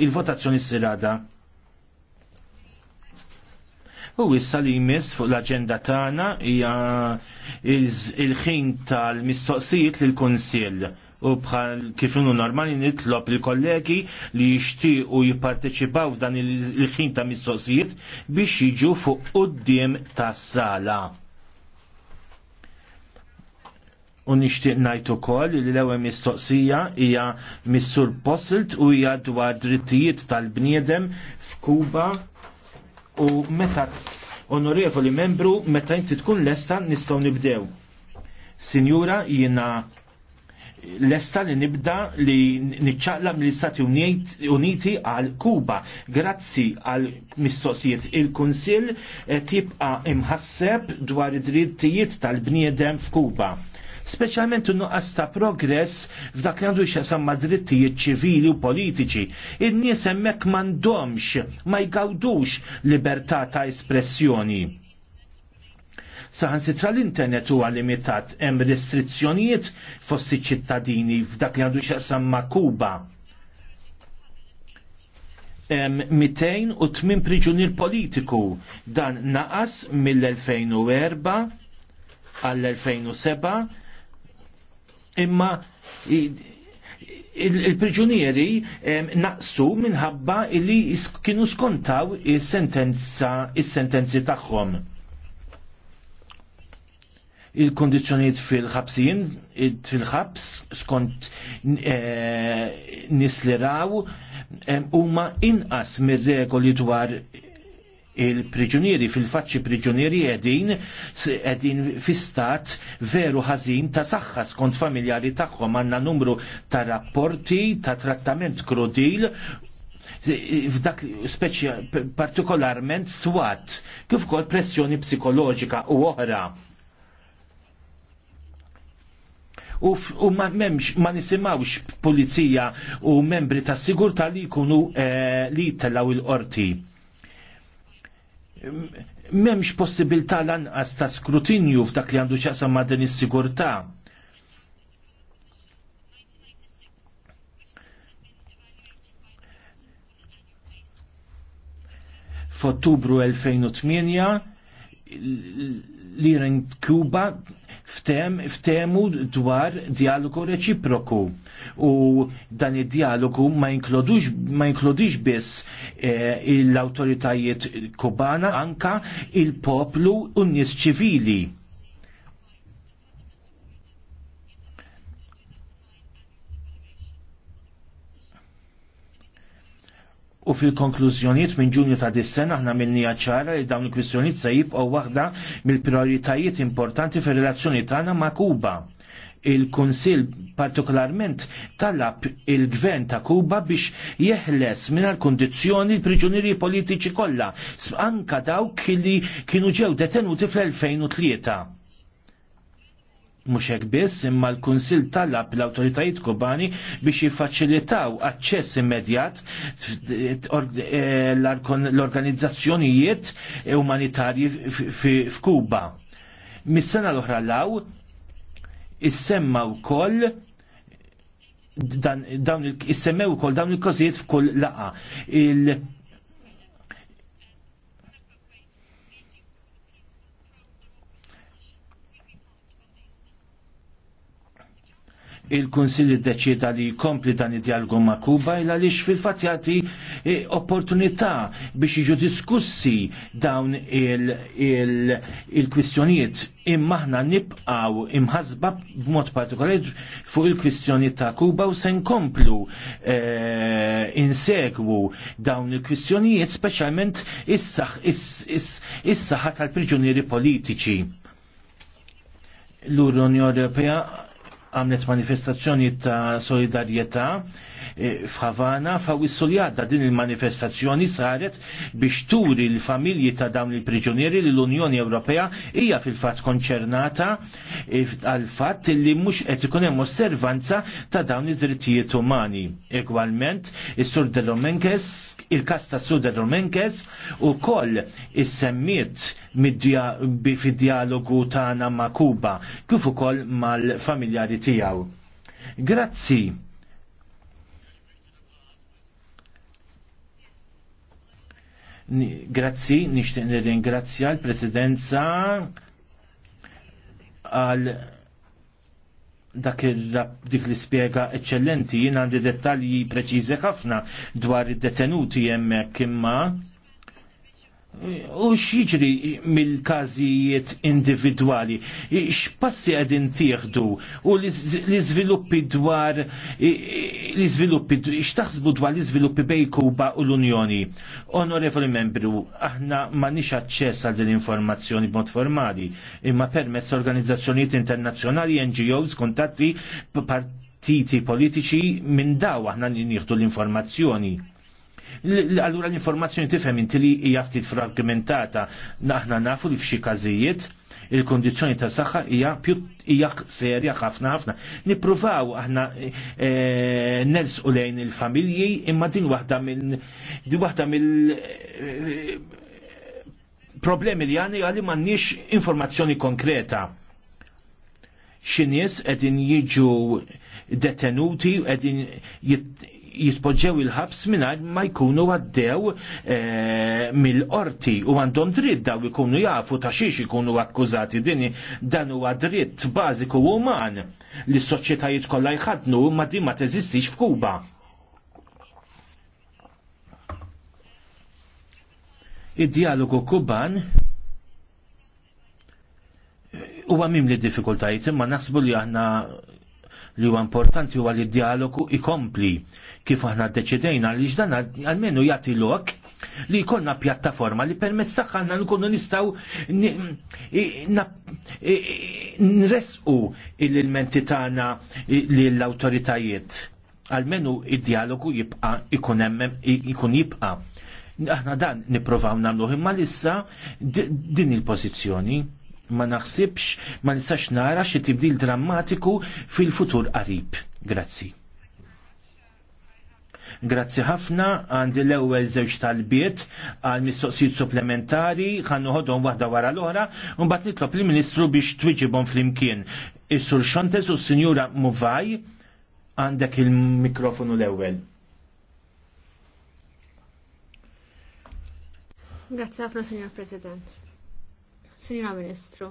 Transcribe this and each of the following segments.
il-votazzjoni s-sirada. U issa li jmiss fuq l-agenda tagħna hija il-ħin tal-mistoqsijiet lil kunsill u bħal kif inhu normali nitlob il-kollegi li jixtiequ jipparteċipaw f'dan il-ħin ta' mistoqsijiet biex jiġu fuq quddiem tas-sala u nixtieq ngħid ukoll li l-ewwel mistoqsija hija missur posilt u hija dwar drittijiet tal-bniedem f'Kuba u meta onorevoli membru meta inti tkun lesta nistgħu nibdew. Sinjura jiena lesta li nibda li niċċaqlam mill istati Uniti għal Kuba. Grazzi għal mistoqsijiet il-Kunsill tibqa' imħasseb dwar id-drittijiet tal-bniedem f'Kuba speċjalment nuqqas ta' progress f'dak li għandu jxesam ma' drittijiet ċivili u politiċi. In-nies hemmhekk m'għandhomx, ma jgawdux libertà ta' espressjoni saħansitra l-internet huwa limitat hemm restrizzjonijiet fost iċ-ċittadini f'dak li għandu x'aqsam ma' Kuba. u 208 priġunier politiku dan naqas mill-2004 għall-2007 imma il-priġunieri naqsu minħabba li kienu skontaw is-sentenza il sentenzi tagħhom il-kondizjoniet fil-ħabsin, fil-ħabs, skont eh, nisliraw umma huma inqas mir-regoli dwar il-priġunieri fil-faċċi priġunieri edin edin fi stat veru ħażin ta' saħħa skont familjari tagħhom għandna numru ta' rapporti ta' trattament krudil f'dak speċja partikolarment swat kif ukoll pressjoni psikoloġika u oħra u, u ma, memx, ma nisimawx pulizija u membri ta' sigurta li jkunu eh, li il-qorti memx possibilità lanqas ta' skrutinju f'dak li għandu xaqsam ma' din is-sigurtà. F'Ottubru 2008 li rent Kuba ftem, ftemu dwar dialogu reċiproku u dan id-dialogu ma jinkludux ma jinkludix biss eh, l-autoritajiet kubana anka il-poplu u n-nies ċivili U fil-konklużjoniet minn ġunju ta' dis-sena aħna minnija ċara li dawn il-kwistjonijiet se jibqgħu waħda mill-prioritajiet importanti fir-relazzjoni tagħna ma' Kuba il-Kunsil partikolarment talab il-Gvern ta' Kuba biex jeħles minn kundizzjoni kondizjoni l-priġunieri politiċi kollha, anka dawk li kienu ġew detenuti fl-2003 Mhux hekk biss, imma l-Kunsill talab l awtoritajiet kubani biex jiffaċilitaw aċċess immedjat l-organizzazzjonijiet umanitarji f'Kuba. Mis-sena l-oħra law, issemma wkoll dawn semmew kol dawn il-kozijiet f'kull laqa. il-Kunsilli deċida li jkompli dan id dialgu ma' Kuba il għaliex fil-fatt jagħti eh, opportunità biex jiġu diskussi dawn il-kwistjonijiet imma aħna nibqgħu imħasba b'mod partikolari fuq il-kwistjoni ta' Kuba u se nkomplu eh, insegwu dawn il-kwistjonijiet speċjalment is-saħħa tal-priġunieri politiċi l-Unjoni Ewropea għamlet manifestazzjoni ta' solidarjetà Eh, f'Havana f'Awissu li għadda din il-manifestazzjoni saret biex turi l-familji ta' dawn il-priġunieri li l-Unjoni Ewropea hija fil-fatt konċernata eh, għal fatt li mhux qed ikun hemm osservanza ta' dawn id-drittijiet umani. Egwalment, is-Sur Romenkes, il Sur de Romenkes u ukoll is-semmiet fid-dialogu tagħna ma' Kuba kif ukoll mal-familjari tiegħu. Grazzi Grazzi, nixtieq nirringrazzja l-Presidenza għal dak dik li spiega eccellenti, jien għandi dettalji preċiżi ħafna dwar id-detenuti jemmek imma u xieġri mill-kazijiet individuali, x'passi għadin tieħdu u l sviluppi dwar l-izviluppi, x'taħsbu dwar l sviluppi bej Kuba u l-Unjoni. Onorevoli membru, aħna ma nix aċċess għal din informazzjoni b'mod formali, imma permezz organizzazzjonijiet internazzjonali, NGOs, kontatti, partiti politiċi minn daw aħna nieħdu l-informazzjoni allura l-informazzjoni tifhem inti li hija ftit fragmentata. Aħna nafu li f'xi każijiet il-kondizjoni ta' saħħa hija hija serja ħafna ħafna. Nippruvaw aħna eh, nelsqu lejn il-familji imma din waħda mill din waħda mill eh, problemi li għani għalli m'għandniex informazzjoni konkreta. X'inies qegħdin jiġu detenuti qegħdin jitpoġġew il-ħabs mingħajr ma jkunu għaddew e, mill-qorti u għandhom dritt daw ikunu jafu ta' xiex ikunu akkużati dini dan huwa dritt bażiku uman li s-soċjetajiet kollha jħadnu ma din ma teżistix f'Kuba. Id-dialogu kuban huwa għamim li diffikultajiet imma naħsbu li għanna li huwa importanti huwa li d-dialogu ikompli kif aħna ddeċidejna li dan għalmenu jagħti lok li jkollna pjattaforma li permezz tagħha aħna nkunu nistgħu nresqu l-ilmenti tagħna lill-awtoritajiet. għalmenu id-dialogu jibqa' ikun hemm ikun jibqa' aħna dan nippruvaw nagħmluh imma lissa din il pożizzjoni ma naħsibx ma nistax nara xi tibdil drammatiku fil-futur qarib. Grazzi. Grazzi ħafna għandi l-ewwel żewġ talbiet għal mistoqsijiet supplementari ħannuħodhom waħda wara l-oħra u mbagħad nitlob lill-Ministru biex twiġibhom flimkien. Is-Sur Xontes u s-Sinjura Muvaj għandek il-mikrofonu l-ewwel. Grazie ħafna, Signor President. Sinjora Ministru,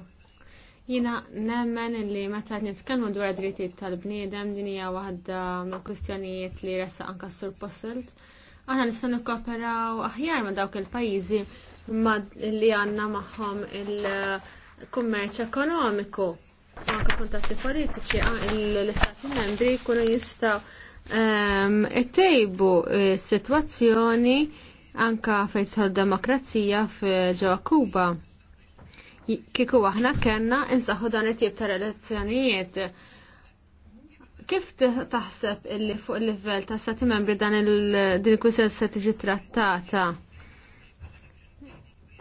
jina nemmen li meta nitkellmu dwar drittijiet tal-bniedem din hija waħda mill-kwistjonijiet li ressa anka sur possilt. Aħna nista' nikkooperaw aħjar ma' dawk il-pajjiżi li għandna magħhom il-kummerċ ekonomiku anke kontatti politiċi ah, l-istati membri jkunu jistgħu ehm, ittejbu s-sitwazzjoni eh, anka fejn demokrazija f'ġewwa Kuba kiku aħna kellna insaħħu dan it-tip ta' relazzjonijiet. Kif taħseb illi fuq il-livell ta' stati membri dan il-din kwissjoni se tiġi trattata?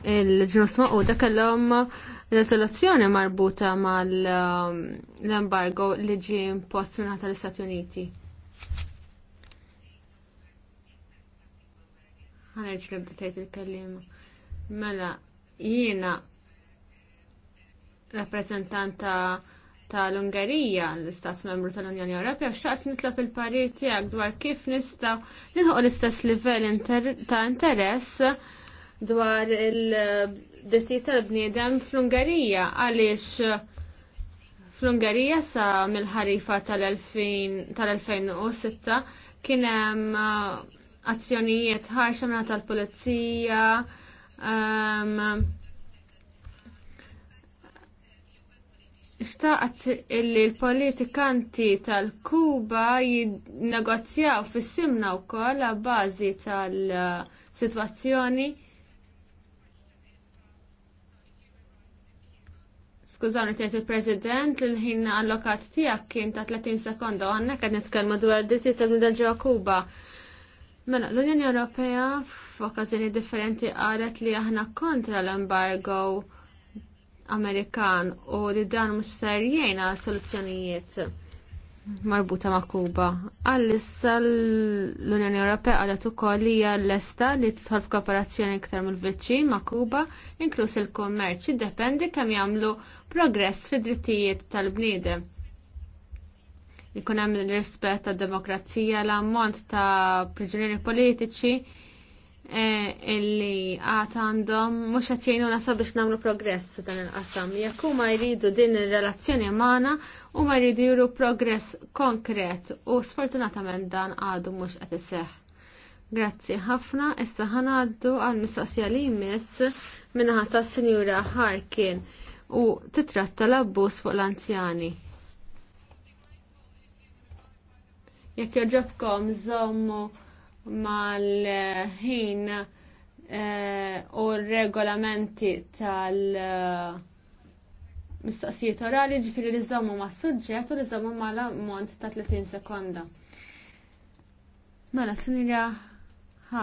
Il-ġnus maquda kellhom rezoluzzjoni marbuta mal-embargo li ġi impost minn tal-Istati Uniti. Għanajġ li bdejt il-kellim. Mela, jiena rappreżentanta tal-Ungerija, l-Istat Membru tal-Unjoni Ewropea, xaqt nitlob il-parir tiegħek dwar kif nistgħu nilħu l-istess livell ta' interess dwar il-drittijiet tal-bniedem fl-Ungerija għaliex fl-Ungerija sa mill-ħarifa tal-2006 kien hemm uh, azzjonijiet ħarxa tal-pulizija um, Xtaqt illi l-politikanti tal-Kuba jinnegozjaw fis-simna wkoll għal bażi tal-sitwazzjoni Skużawni tgħid il-President li l-ħin allokat tiegħek kien ta' 30 sekonda u għandna qed nitkellmu dwar d-dittijiet tal-Nidel ġewwa Kuba. Mela, l-Unjoni Ewropea f'okkażjoni differenti qalet li aħna kontra l-embargo Amerikan u li dan mhux ser jgħinha soluzzjonijiet marbuta ma' Kuba. Għallissa l-Unjoni Ewropea għalet ukoll li hija lesta li tidħol f'kooperazzjoni iktar mill-viċin ma' Kuba, inkluż il-kummerċ, jiddependi kemm jagħmlu progress fid-drittijiet tal-bniedem Ikun hemm rispett tad-demokrazija l-ammont ta' priġunieri politiċi Eh, illi għat għandhom mux għat jajnu nasab biex namlu progress dan il-qasam. Jekk huma jridu din il-relazzjoni magħna u ma jridu juru progress konkret u sfortunatament dan għadu mux qed iseħħ. Grazzi ħafna, issa ħanaddu għal mistaqsija li jmiss minnaħa ta' senjura Harkin u titratta l-abbuż fuq l-anzjani. Jekk joġobkom żommu mal-ħin eh, u regolamenti tal- eh, mistoqsijiet orali ġifiri li zommu ma' suġġett u li zommu ma' la ammont ta' 30 sekonda. Mela, Sinira s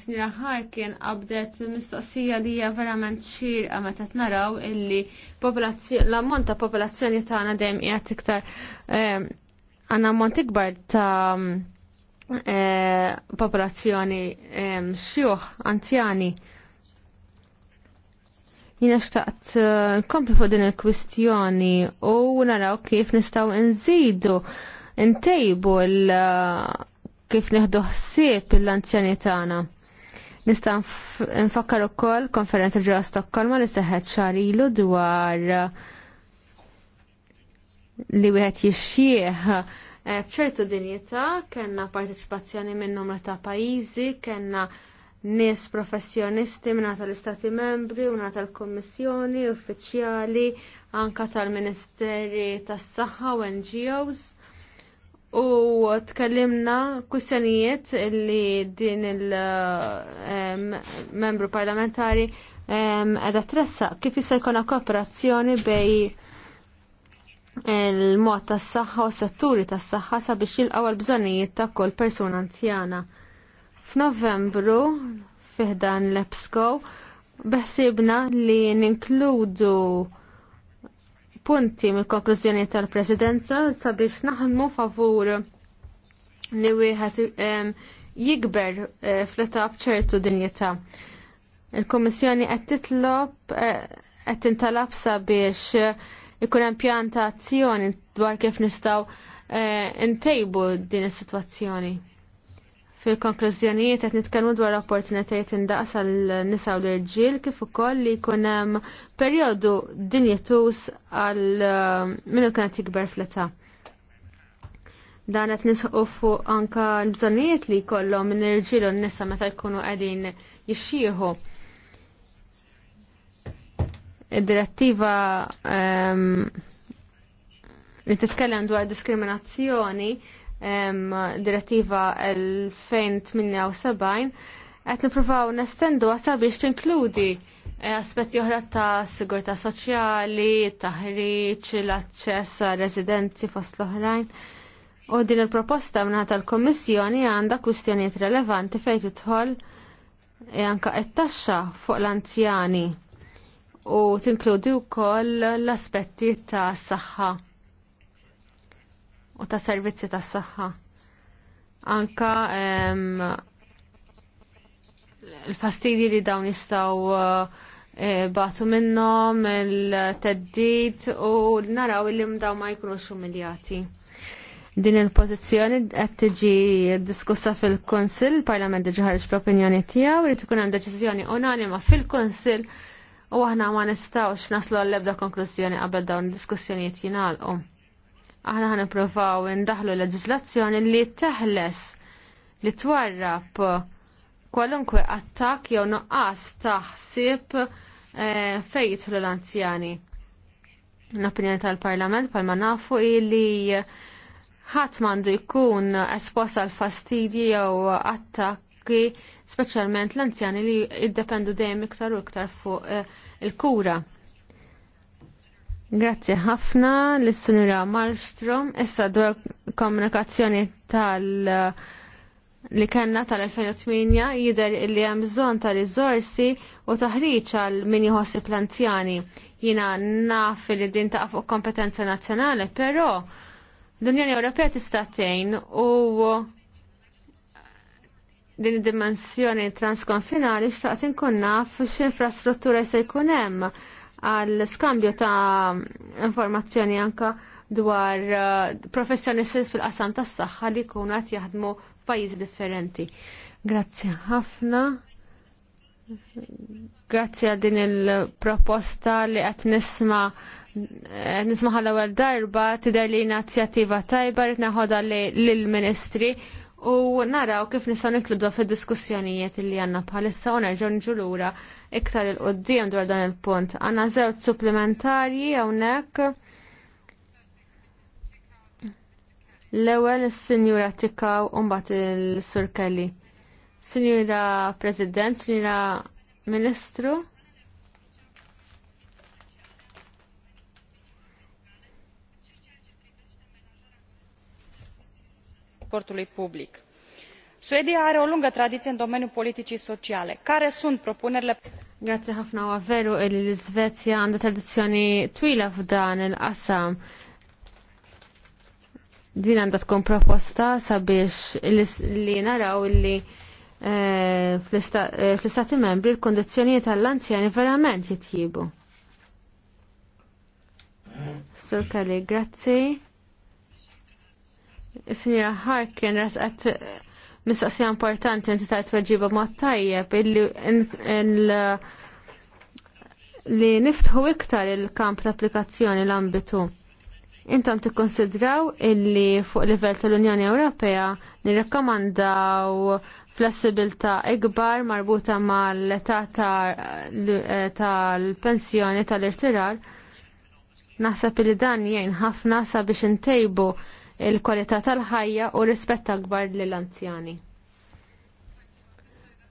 Sinira ħakken qabdet mistoqsija li hija verament xirqa meta naraw illi l-ammont ta' popolazzjoni tagħna dejjem jgħat iktar eh, għanna mont ikbar ta' mm, e, popolazzjoni e, xjuħ, anzjani. Jina xtaqt e, kompli fuq din il-kwistjoni u naraw kif nistaw nżidu ntejbu kif neħdu ħsieb l-anzjani tagħna. Nista' nfakkar ukoll konferenza ġewwa Stokkolma li seħħet xahar ilu dwar li wieħed jixxieħ bċertu eh, dinjità, kellna parteċipazzjoni minn numru ta' pajjiżi, kellna nies professjonisti għata tal-Istati membri, għata tal-Kommissjoni, uffiċjali, anka tal-Ministeri tas-Saħħa u NGOs. U tkellimna kwistjonijiet li din il-membru eh, parlamentari eh, edha tressa kif jista' jkollna kooperazzjoni bej il-mod tas saħħa u setturi tas saħħa sabiex jilqgħu l-bżonnijiet ta' kull persuna anzjana. F'Novembru fiħdan l-EPSCO beħsibna li ninkludu punti mill-konklużjoni tal-Presidenza sabiex naħdmu favur li wieħed jikber eh, fl-età bċertu dinjità. Il-Kummissjoni qed titlob eh, qed tintalab sabiex ikun hemm azzjoni dwar kif nistgħu eh, ntejbu din is-sitwazzjoni. Fil-konklużjonijiet qed nitkellmu dwar opportunitajiet indaqs għal nisa u l-irġiel kif ukoll li jkun hemm perjodu dinjetus għal eh, min kien qed jikber fl-età dan qed nisħu fuq anka l-bżonnijiet li jkollhom minn irġiel u n-nisa meta jkunu qegħdin jixxieħu. Id-direttiva ehm, li titkellem dwar diskriminazzjoni ehm, direttiva 2078 qed nippruvaw nestendu għasa biex tinkludi eh, aspetti oħra ta' sigurtà soċjali, taħriġ, l-aċċess għal fost l-oħrajn. U din il-proposta minna tal komissjoni għandha kwistjonijiet relevanti fejn tidħol eh, anke qed taxxa fuq l-anzjani u tinkludi wkoll l-aspetti ta' saħħa u ta' servizzi ta' saħħa. Anka l-fastidji li dawn jistgħu eh, batu minnom il-teddit u naraw li mdaw ma jkunux umiljati. Din il-pozizjoni qed tiġi diskussa fil-Kunsill, il-Parlament ġi ħarġ bl-opinjoni tiegħu, li tkun hemm deċiżjoni unanima fil-Kunsill u aħna ma nistawx naslu għall-ebda konklużjoni qabel dawn id-diskussjonijiet jingħalqu. Aħna ħan nippruvaw indaħlu leġislazzjoni li teħles li twarrab kwalunkwe attak jew nuqqas ta' ħsieb eh, fejn jidħlu l-anzjani. L-opinjoni tal-Parlament palma nafu li ħadd m'għandu jkun esposta għal fastidji jew attakki speċjalment l-anzjani li jiddependu dejjem iktar u iktar fuq eh, il-kura. Grazzi ħafna l-Sunira Malmstrom, issa dwar komunikazzjoni tal- eh, li kellna tal-2008 jidher li hemm bżonn ta' riżorsi u taħriġ għal min jħossib l-anzjani. Jiena naf li din ta' fuq kompetenza nazzjonali, però l-Unjoni Ewropea tista' tgħin u din id-dimensjoni transkonfinali xtaqt inkun naf x'infrastruttura se jkun hemm għal skambju ta' informazzjoni anka dwar eh, professjonisti fil-qasam tas-saħħa li jkunu qed jaħdmu f'pajjiżi differenti. Grazzi ħafna. Grazzi għal din il-proposta li qed nisma' nisma' ewwel darba tidher li inizjattiva tajba rid naħodha lill-Ministri u naraw kif nistgħu nikludu fid-diskussjonijiet li għandna bħalissa u nerġgħu niġu lura iktar il-qoddim dwar dan il-punt. Għandna żewġ supplementari hawnhekk. L-ewwel is-Sinjura Tikaw u mbagħad il-Sur Kelly. Sinjura President, Sinjura Ministru, transportului public. suedia are o lungă tradiție în domeniul politicii sociale. care sunt propunerile Grazie ħafna huwa veru li l svezja għanda tradizjoni twila f'dan il-qasam. Din għanda tkun proposta sabiex li naraw li eh, eh, fl-istati membri l kondizjoni tal-anzjani verament jitjibu. Sur grazie. Sinja Harkin rasqat eh, mistaqsija importanti inti tajt weġiba mod tajjeb li niftħu iktar il-kamp ta' applikazzjoni l-ambitu. Intom tikkonsidraw illi fuq livell tal-Unjoni Ewropea nirrakkomandaw flessibilta ikbar marbuta mal-età eh, tal-pensjoni tal-irtirar. Naħseb li dan jgħin ħafna sabiex intejbu il-kwalità tal-ħajja u rispett akbar lill-anzjani.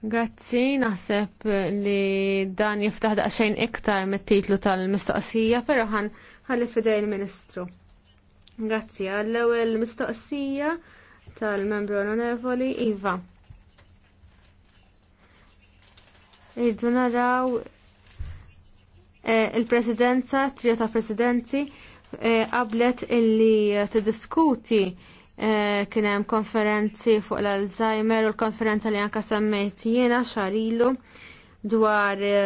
Grazzi, naħseb li dan jiftaħ daqsxejn iktar mit-titlu tal-mistoqsija, però ħan ħalli fidej il-Ministru. Grazzi, għall-ewwel mistoqsija tal-membru onorevoli Iva. Irridu naraw eh, il-presidenza, trio ta' presidenzi, E, qablet illi tiddiskuti e, kien hemm konferenzi fuq l-Alzheimer u l-konferenza li anka semmejt jiena xarilu dwar e,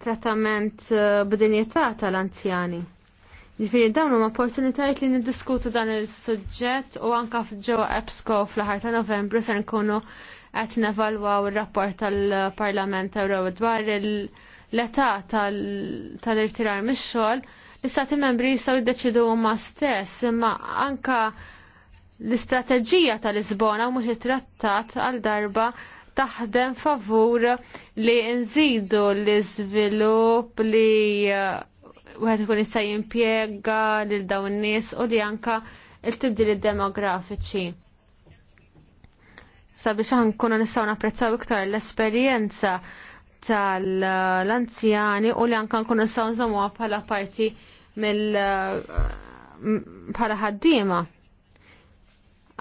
trattament b'dinjetà tal-anzjani. Ġifieri dawn huma opportunitajiet li niddiskutu dan il-suġġett u anka ġewwa EBSCO fl-aħħar ta' Novembru se nkunu qed nevalwaw ir-rapport tal-Parlament Ewropew dwar il- l-età tal-irtirar tal mix-xogħol, l-istati membri jistgħu jiddeċidu huma stess, imma anka l-istrateġija tal-Lisbona mhux it-trattat għal darba taħdem favur li nżidu l-iżvilupp li uh, wieħed ikun jista' jimpjega lil dawn nies u li anka il-tibdil demografiċi. Sabiex aħna nkunu nistgħu napprezzaw iktar l-esperjenza tal-anzjani u li anka nkun nistgħu nżommuha bħala parti mill eh, bħala ħaddiema.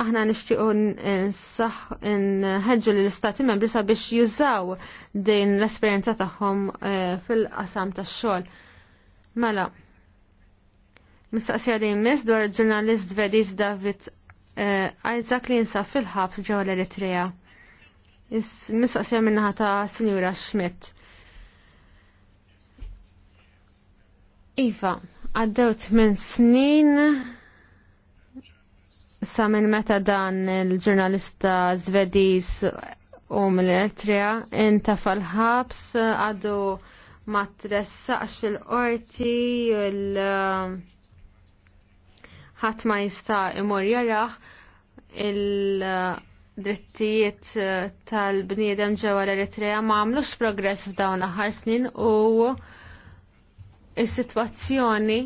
Aħna nixtiequ nħeġġu lill istati membri sabiex jużaw din l-esperjenza tagħhom eh, fil-qasam tax-xogħol. Mela, mistaqsija li jmiss dwar il-ġurnalist Vedis David eh, Isaac li jinsab fil-ħabs ġewwa l-Eritrea. Mis-saqsija minnaħa ta' Sinjura Schmidt. Iva, għaddew minn snin sa minn meta dan il-ġurnalista Zvediż u mill-Eritrea inta fal-ħabs għadu ma tressaqx il-qorti il um, ħadd ma jista' imur jaraħ il- drittijiet eh, tal-bniedem ġewwa l-Eritrea ma għamlux progress f'dawn aħħar snin u is-sitwazzjoni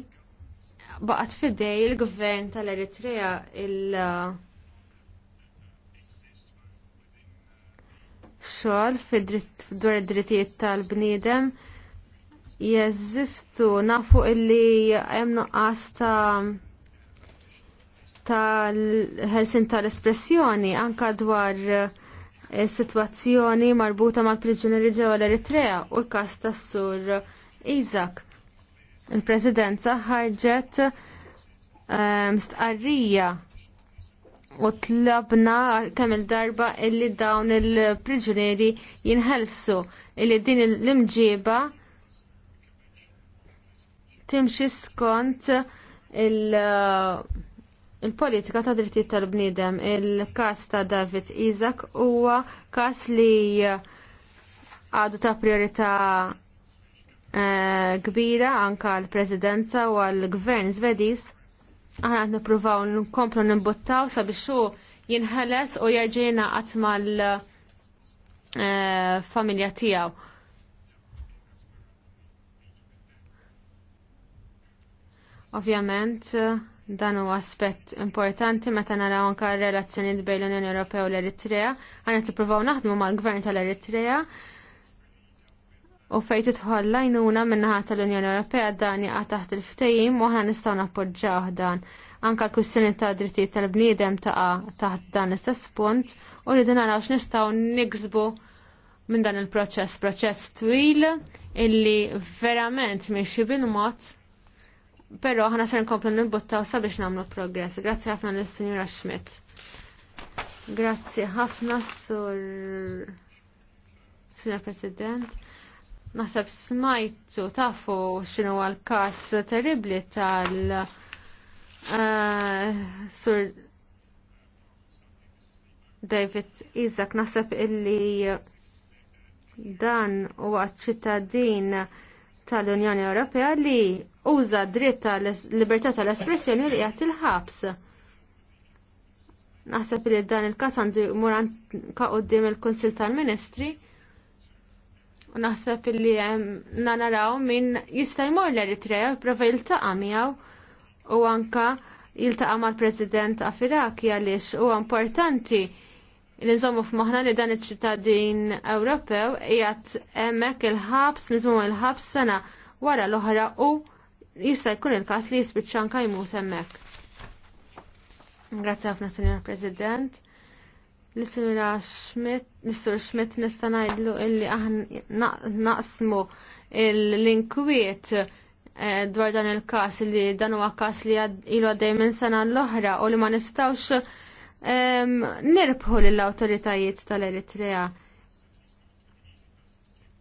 baqgħet fidej il-gvern tal-Eritrea il xogħol fid-dwar id-drittijiet tal-bniedem jeżistu nafu illi hemm nuqqas ta' tal-ħelsin tal-espressjoni anka dwar eh, situazzjoni marbuta mal priġunieri ġewwa l-Eritrea u l-każ tas-sur Isaac. Il-Presidenza ħarġet eh, mstqarrija u tlabna kemm il-darba illi dawn il-priġunieri jinħelsu illi din l-imġiba timxi skont il- il-politika ta' drittijiet tal-bniedem, il-kas ta' David Isaac huwa kas li eh, għadu ta' priorità eh, kbira anka l-Presidenza u għal-Gvern zvedis. Aħna qed nippruvaw nkomplu nimbuttaw sabiex xu jinħeles u jerġina qatt mal-familja eh, tiegħu. Ovvjament, Dan huwa aspett importanti meta naraw anka r-relazzjonijiet bejn l-Unjoni Ewropea u l-Eritrea. Għandna tippruvaw naħdmu mal-Gvern tal-Eritrea u fejn tidħol lajnuna min-naħa tal-Unjoni Ewropea dan jaqa' taħt il-ftehim u aħna nistgħu nappoġġaw dan. Anke l-kwistjoni ta' drittijiet tal-bniedem taqa' taħt dan l-istess punt u rridu naraw x'nistgħu niksbu minn dan il-proċess, proċess twil illi verament miexi bil-mod Pero ħana ser nkomplu nibbuttaw sabiex nagħmlu progress. Grazzi ħafna lis signora Schmidt. Grazzi ħafna sur Signor President. Nasab smajtu tafu x'inhu l-każ terribli tal uh, sur David Isaac naħseb illi dan huwa ċittadin tal-Unjoni Ewropea li uża dritt tal-libertà tal-espressjoni li qiegħed il-ħabs. Naħseb li dan il-każ għandu jmur qudiem il kunsill tal-Ministri u naħseb li naraw min jista' jmur l-Eritrea jipprova jiltaqa' miegħu u anka jiltaqa' mal-President Afiraki għaliex huwa importanti l-inżommu f'moħna li dan iċ-ċittadin Ewropew jgħat emmek il-ħabs, nizmum il-ħabs sena wara l-oħra u jista' jkun il-kas li jispiċċanka jmut emmek. Grazie ħafna, Senjor President. l senjora Schmidt, l senjora Schmidt nista' ngħidlu illi aħna naqsmu l-inkwiet eh, dwar dan il-kas li dan huwa kas li ilu għaddej minn sena l-oħra u li ma nistawx nirbħu lill awtoritajiet tal-Eritrea.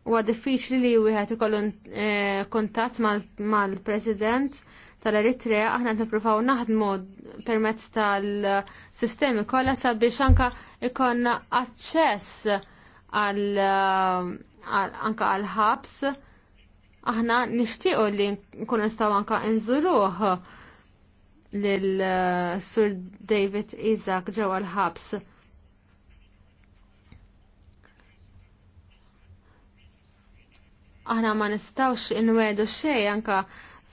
Huwa diffiċli li wieħed ikollu eh, kuntatt mal-President tal-Eritrea aħna nippruvaw naħdmu permezz tal-sistemi kollha sabiex anka ikonna aċċess għal anka għal ħabs aħna nixtiequ li nkun nistgħu anka nżuruh lil uh, Sir David Isaac ġewwa l-ħabs. Aħna ma nistawx inwedu xejn anka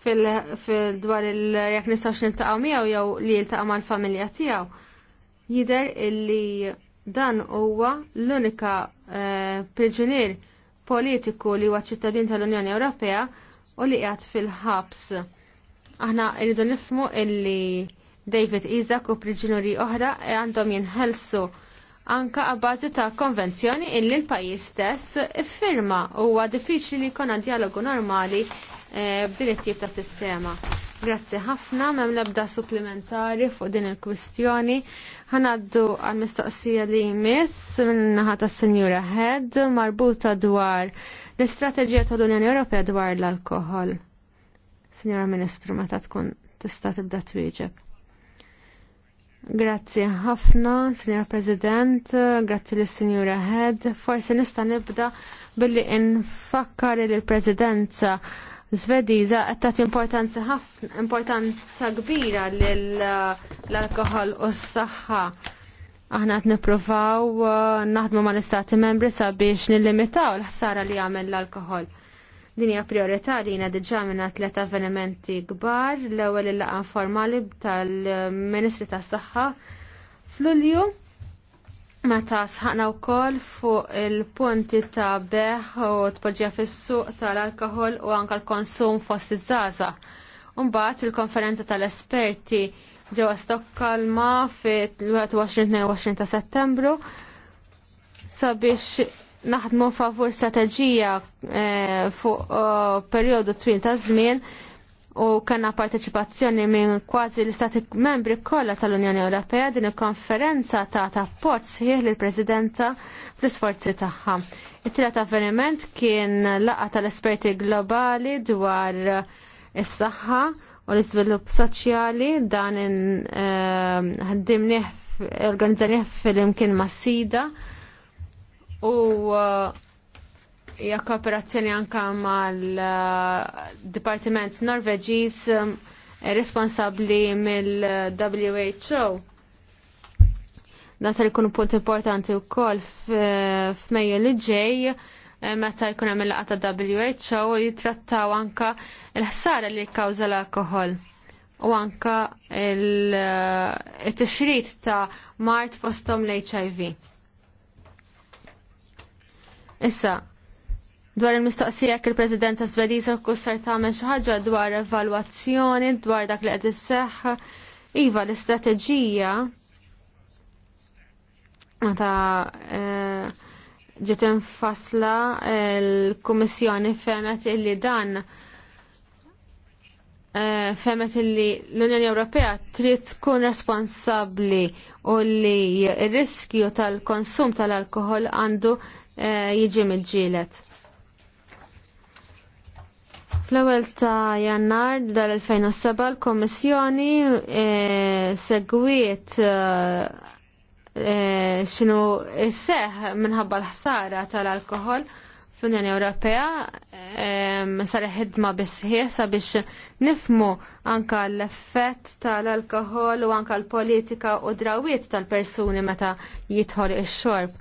fil-dwar il jekk nistgħux niltaqgħu miegħu jew li jiltaqa' mal-familja tiegħu. Jidher illi dan huwa l-unika uh, priġunier politiku li huwa ċittadin tal-Unjoni Ewropea u li qiegħed fil-ħabs. Aħna rridu nifmu illi David Isaac u priġinuri oħra għandhom jinħelsu anka għabbażi ta' konvenzjoni illi l-pajis stess iffirma u diffiċli li jkollna dialogu normali eh, b'din it-tip ta' sistema. Grazzi ħafna, mem lebda supplementari fuq din il-kwistjoni. Ħanaddu għal mistoqsija li jmiss minnaħa ta' Senjura Head marbuta dwar l-istrateġija tal-Unjoni Ewropea dwar l-alkohol. Signora Ministru, meta tkun tista' tibda twieġeb. Grazzi ħafna, Signora President, grazzi lis sinjura Head. Forsi nista' nibda billi nfakkar li l-Presidenza Zvediża qed tagħti importanza ħafna importanza kbira lill-alkohol u s-saħħa aħna qed nippruvaw uh, naħdmu mal istati membri sabiex nillimitaw l-ħsara li jagħmel l-alkohol. Din hija priorità li jiena diġà minn tliet avvenimenti kbar, l-ewwel il-laqgħa informali tal-Ministri tas-Saħħa f'Lulju meta u wkoll fuq il-punti ta' beħ u t fis-suq tal-alkohol u anka l-konsum fost iż-żgħażagħ. Mbagħad il-konferenza tal-esperti ġewwa Stokkalma fit-21 ta' Settembru sabiex naħdmu favur strateġija eh, fuq eh, periodu perjodu twil ta' żmien u kanna parteċipazzjoni minn kważi l-istati membri kollha tal-Unjoni Ewropea din il-konferenza ta' tapport sħiħ l presidenza fl-isforzi tagħha. It-tielet avveniment kien laqa tal-esperti globali dwar eh, is-saħħa u l-iżvilupp soċjali dan ħaddimnieh organizzanieh fil-imkien mas-sida u uh, hija kooperazzjoni anka mal-Dipartiment uh, Norveġiż um, responsabbli mill-WHO. Dan ser ikun punt importanti wkoll f'Mejju li ġej eh, meta jkun hemm il-laqgħa ta' WHO jitrattaw anka l-ħsara li kkawża l-alkohol u anka il-tixrid eh, ta' mart fosthom l-HIV. Issa, dwar il-mistoqsija il president Svediza kussar ta' meċ ħaġa dwar evalwazzjoni dwar dak li qed isseħħ iva l-istrateġija ta' e, ġiet fasla e, l-Kummissjoni femet illi dan e, femet illi l-Unjoni Ewropea trid tkun responsabbli u li r riskju tal-konsum tal-alkohol għandu Eh, jiġi mill ġilet Fl-ewwel ta' Jannar dal-2007 l komissjoni eh, segwiet eh, xinu seħ minħabba l-ħsara tal-alkohol fl-Unjoni Ewropea sar ħidma bisħieħ sabiex nifmu anka l-effett tal-alkohol u anka l-politika u drawiet tal-persuni meta jidħol ix-xorb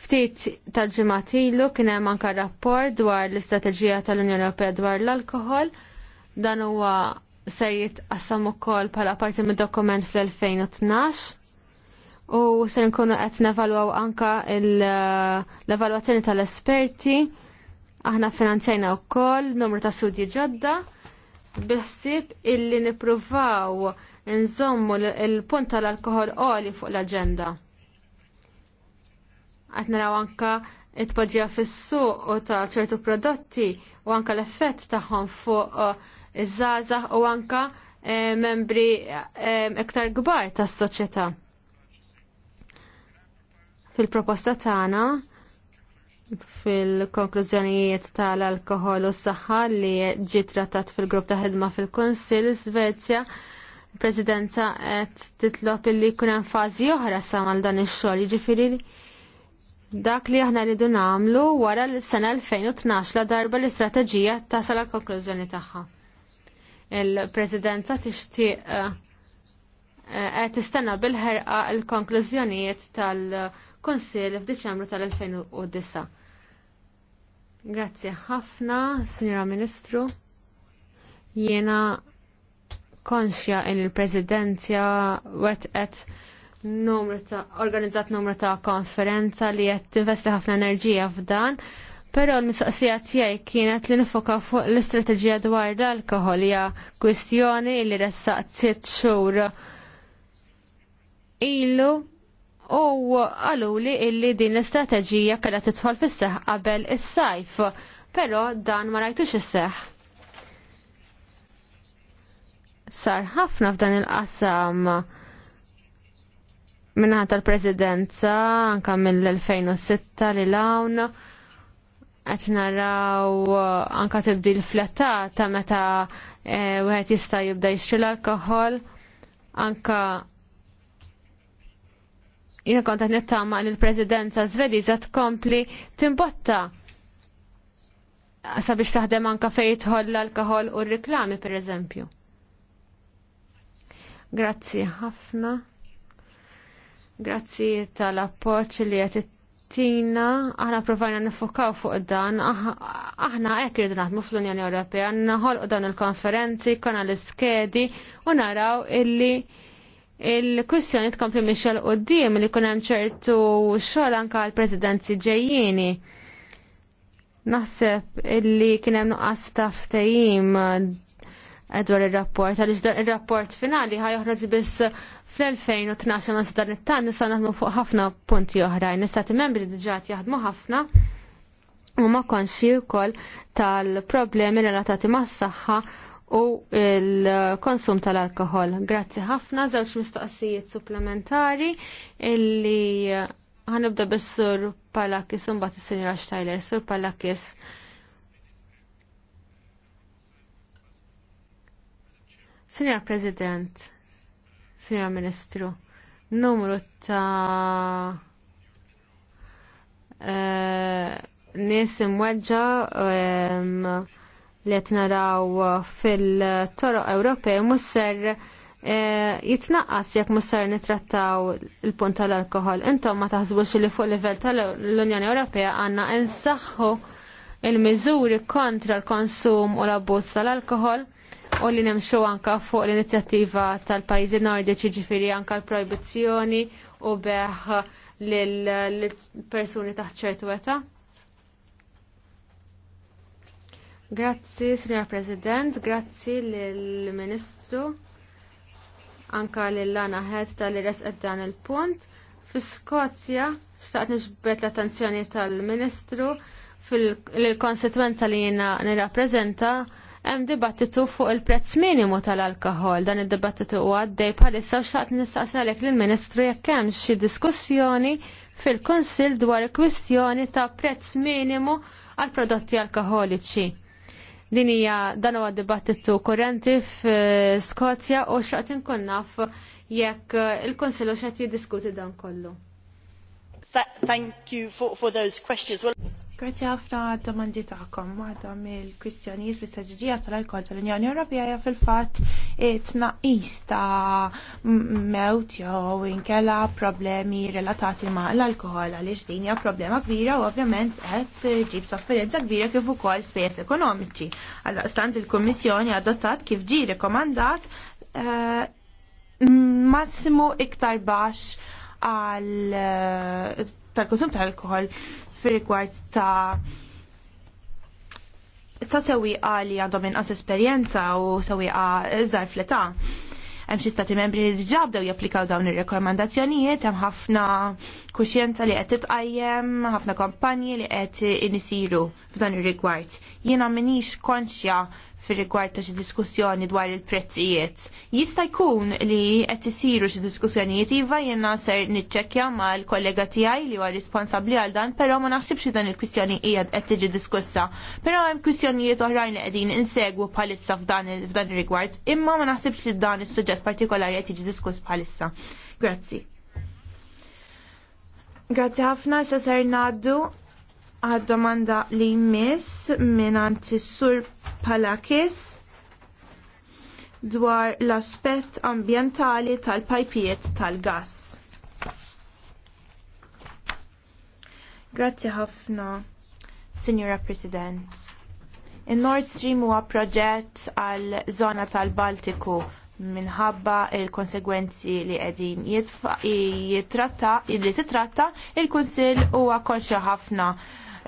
Ftit tal-ġimgħat ilu kien hemm anke rapport dwar l-istrateġija tal-Unjoni Ewropea dwar l-alkohol. Dan huwa se jitqassam ukoll bħala parti mid-dokument fl-2012 u se nkunu qed nevalwaw anke l-evalwazzjoni tal-esperti. Aħna finanzjajna wkoll numru ta' studji ġodda bil-ħsieb illi nippruvaw nżommu l-punt tal-alkohol oli fuq l-aġenda. Qed naraw anke it-poġġija fis-suq u ta' ċertu prodotti u anke l-effett tagħhom fuq uh, iż żaza u anke eh, membri eh, iktar kbar tas-soċjetà. Fil-proposta tagħna fil-konklużjonijiet tal-alkohol u s-saħħa li ġi trattat fil-grupp ta' ħidma fil-Kunsil Svezja il-Presidenza qed titlob illi jkun hemm fażi oħra sa mal dan ix-xogħol, jiġifieri dak li aħna rridu nagħmlu wara l-sena 2012 la darba l-istrateġija tasal għal konklużjoni tagħha. Il-Presidenza tixtieq qed eh, eh, tistenna bil-ħerqa l-konklużjonijiet tal-Kunsill f'Diċembru tal-2009. Grazzi ħafna, Sinjora Ministru. Jiena konxja il-Presidenzja wetqet numru ta' organizzat numru ta' konferenza li qed tinvesti ħafna enerġija f'dan, però l-mistoqsija tiegħi kienet li nifoka fuq l-istrateġija dwar l-alkohol hija kwistjoni li ressaq sitt xhur ilu u għaluli illi din l-istrateġija kellha tidħol fis-seħ qabel is-sajf, però dan ma rajtux is-seħ sar ħafna f'dan il-qasam minna tal-presidenza anka mill-2006 li lawn qed naraw anka l fletta ta' meta eh, wieħed jista' jibda l alkohol anka jiena kont nittama li l-Presidenza zat tkompli timbotta sabiex taħdem anka fejn jidħol l-alkohol u r-riklami pereżempju. Grazzi ħafna. Grazzi tal-appoċ li għet tina, aħna provajna nifokaw fuq dan, aħna hekk irid naħdmu fl-Unjoni Ewropea, naħolqu dan il-konferenzi, konna l-iskedi u naraw illi il-kwistjoni tkompli d-dim li kunem hemm ċertu xogħol anke għall presidenzi ġejjini. Naħseb illi kien hemm nuqqas taftajim ftehim dwar ir-rapport għaliex dan ir-rapport finali ħaj joħroġ biss Fl-2012 nasa dan it-tan nisa naħdmu fuq ħafna punti oħrajn. Nistati membri diġa jaħdmu ħafna u ma konxi wkoll tal-problemi relatati mas-saħħa u il-konsum tal-alkohol. Grazzi ħafna, żewġ mistoqsijiet supplementari illi ħanibda bis-sur Palakis u mbagħad is sinjura Steiler, sur Palakis. Signor President, Sina Ministru, numru ta' eh, nies imweġġa ehm, li qed naraw fil-toroq Ewropej musser eh, jitnaqqas jekk musser nitrattaw il-punt tal-alkohol. Intom ma taħsbux li fuq livell tal-Unjoni Ewropea għandna insaħħu il-miżuri kontra l-konsum u l-abbuż tal-alkohol u li nemxu anka fuq l-inizjattiva tal-pajjiżi nordiċi ġifiri anka l-proibizzjoni u beħ l persuni taħt ċertu Grazzi, Signor President, grazzi lill-Ministru anka l lana ħed tal res dan il-punt. Fi-Skozja, xtaqt nixbet l-attenzjoni tal-Ministru fil-konsekwenza li jena nirrapprezenta hemm dibattitu fuq il-prezz minimu tal-alkohol. Dan id-dibattitu huwa għaddej bħalissa xaqt nistaqsalek lill-Ministru jekk hemm xi diskussjoni fil-Kunsill dwar il-kwistjoni ta' prezz minimu għal prodotti alkoholiċi. Din hija dan huwa dibattitu kurrenti f'Skozja u xaqt inkun naf jekk il kunsill u xaqt jiddiskuti dan kollu. Thank you for, for those questions. Well... Grazzi ħafna domandi tagħkom. me mill-kwistjonijiet fl-istraġġija tal-alkohol tal-Unjoni Europea hija fil-fatt tnaqqis ta' mewt jew inkella problemi relatati ma' l-alkohol għaliex din hija problema kbira u ovvjament qed ġib sofferenza kbira kif ukoll spejjeż ekonomiċi. Għaldaqstant il-Kummissjoni adottat kif ġi rekomandat eh, massimu iktar baxx għal eh, tal-konsum tal-alkohol fir-rigward ta' ta' sewwieqa li għandhom inqas esperjenza u sewwieqa żgħar fl-età. Hemm xi stati membri li diġà bdew japplikaw dawn ir-rekomandazzjonijiet, hemm ħafna kuxjenza li qed titqajjem, ħafna kampanji li qed inisiru f'dan ir-rigward. Jiena minix konxja fir rigward ta' xi diskussjoni dwar il-prezzijiet. Jista' jkun li qed isiru xi diskussjonijiet iva jiena ser niċċekkja mal-kollega tiegħi li huwa responsabbli għal dan, però ma naħsibx li dan il-kwistjoni hija qed tiġi diskussa. Però hemm kwistjonijiet oħrajn li qegħdin insegwu bħalissa f'dan f'dan ir-rigward, imma ma naħsibx li dan is-suġġett partikolari qed tiġi diskuss bħalissa. Grazzi. Grazzi ħafna, sa ser naddu għad-domanda li jmiss minant sur Palakis dwar l-aspett ambjentali tal-pajpiet tal-gass. Grazzi ħafna, Signora President. Il-Nord Stream huwa proġett għal żona tal-Baltiku minħabba il-konsegwenzi li qegħdin jitratta li titratta il-Kunsill huwa konxi ħafna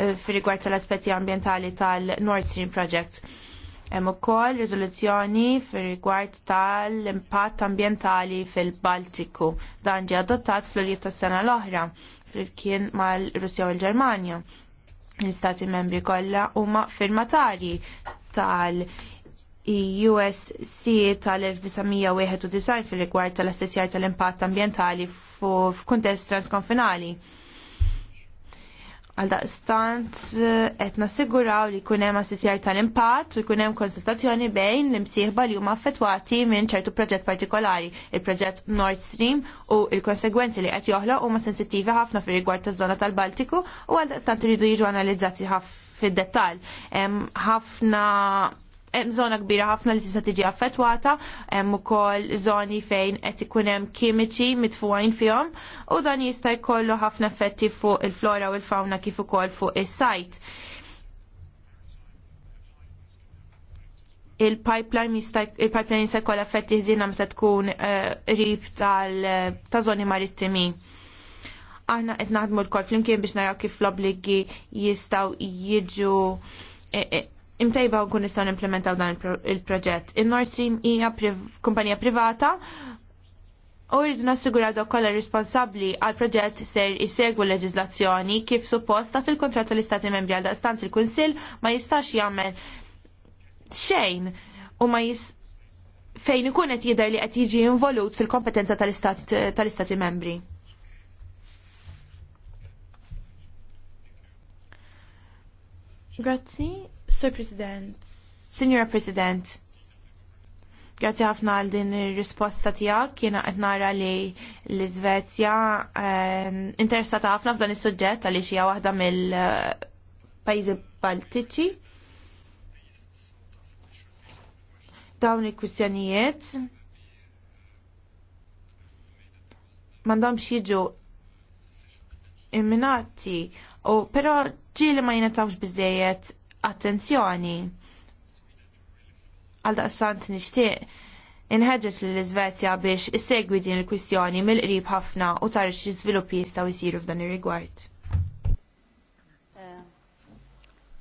Eh, fir tal-aspetti ambjentali tal-Nord Stream Project. Hemm ukoll riżoluzzjoni fir-rigward tal-impatt ambjentali fil-Baltiku. Dan ġie adottat fl-ulju tas-sena l-oħra fil-kien mal-Russja u l-Ġermanja. L-Istati membri kollha huma firmatari tal- USC tal-1991 fil-rigward tal-assessjar tal-impatt ambjentali f'kuntest transkonfinali. Għaldaqstant eh, qed nassiguraw li jkun hemm assistjar tal-impatt u jkun hemm konsultazzjoni bejn l-imsieħba li huma affettwati minn ċertu proġett partikolari, il-proġett Nord Stream u il-konsegwenzi li qed joħloq huma sensittivi ħafna fir-rigward taż-żona tal-Baltiku u għaldaqstant iridu jiġu analizzati ħafna fid-dettall. Ħafna hemm żona kbira ħafna li tista' tiġi affettwata, hemm ukoll żoni fejn qed ikun hemm kimiċi mitfuqin fihom u dan jista' jkollu ħafna effetti fuq il-flora u l-fawna kif ukoll fuq is-sajt. il-pipeline il-pipeline jista' jkollha effetti ħżiena meta tkun eh, qrib tal ta' żoni marittimi aħna qed naħdmu l-kol flimkien biex naraw kif l-obligi jistgħu jiġu eh, eh, imtejba u kun nistgħu nimplementaw dan il-proġett. Il-Nord Stream hija kumpanija privata u jridu nassiguraw dawk kollha responsabbli għal proġett ser isegwu leġiżlazzjoni kif suppost taħt il-kontratt tal-Istati Membri għal daqstant il-Kunsill ma jistax jagħmel xejn u ma jis fejn ikun qed jidher li qed jiġi involut fil-kompetenza tal-Istati Membri. Grazzi. Sir President, Signora President, Grazie ħafna għal din ir-risposta tiegħek. Jiena qed nara li l-Iżvezja ehm, interessata ħafna f'dan is-suġġett għaliex hija waħda mill-pajjiżi Baltiċi. Dawn il-kwistjonijiet m'għandhomx jiġu imminati u però ġieli ma jinetawx biżejjed attenzjoni. Għal daqsant nixtieq inħeġġeġ li l-Iżvezja biex issegwi din il-kwistjoni mill-qrib ħafna u tarix xi żviluppi jistgħu jsiru f'dan ir-rigward.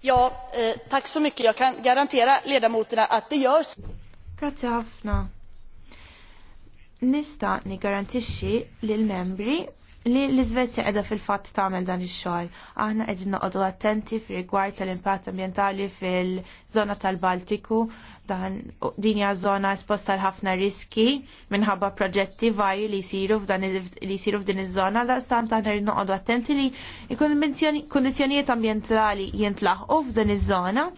Ja, eh, tack så mycket. Jag kan garantera ledamoterna att det görs. Grazie ħafna. Nista' nigarantixxi lill membri li l-Iżvezja qiegħda fil-fatt tagħmel dan ix-xogħol. Aħna qegħdin noqogħdu attenti fir-rigward tal-impatt ambjentali fil-żona tal-Baltiku, dan dinja zona żona esposta għal ħafna riski minħabba proġetti varji li jsiru f'dan li jsiru f'din iż-żona, daqstant aħna rid noqogħdu attenti li jkun kundizzjonijiet ambjentali jintlaħqu f'din iż-żona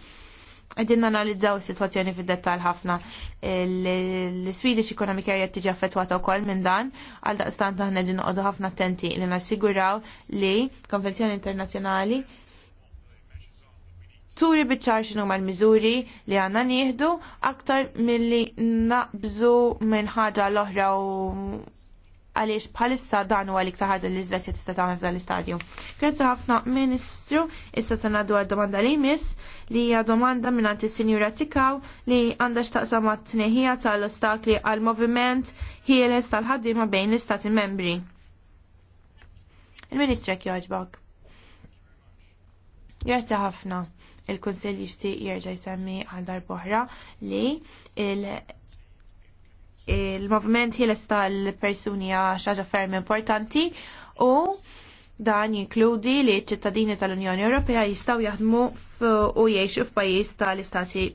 Għedin analizzaw situazzjoni fid dettal ħafna. L-Swedish Economic Area tiġi affettwata wkoll minn dan, għal daqstant aħna għedin noqogħdu ħafna attenti li nassiguraw li konvenzjoni internazzjonali turi biċċar x'inhu mal-miżuri li għandna nieħdu aktar milli naqbżu minn ħaġa l-oħra u għaliex bħalissa dan huwa l-iktar ħaġa li l-Iżvezja tista' tagħmel f'dan l-istadju. Grazzi ħafna Ministru, issa se ngħaddu għad-domanda li jmiss li hija domanda mingħand is-Sinjura Tikaw li għandha x'taqsam mat-tneħija tal-ostakli għal moviment ħieles tal-ħaddiema bejn l-Istati membri. Il-Ministru jekk jogħġbok. Grazzi ħafna il-Kunsell jixtieq jerġa' jsemmi għal oħra li il- il-movement ħieles tal-persuni xaġa ferm importanti u dan jinkludi li ċittadini tal-Unjoni Ewropea jistgħu jaħdmu u jgħixu f'pajjiż tal-Istati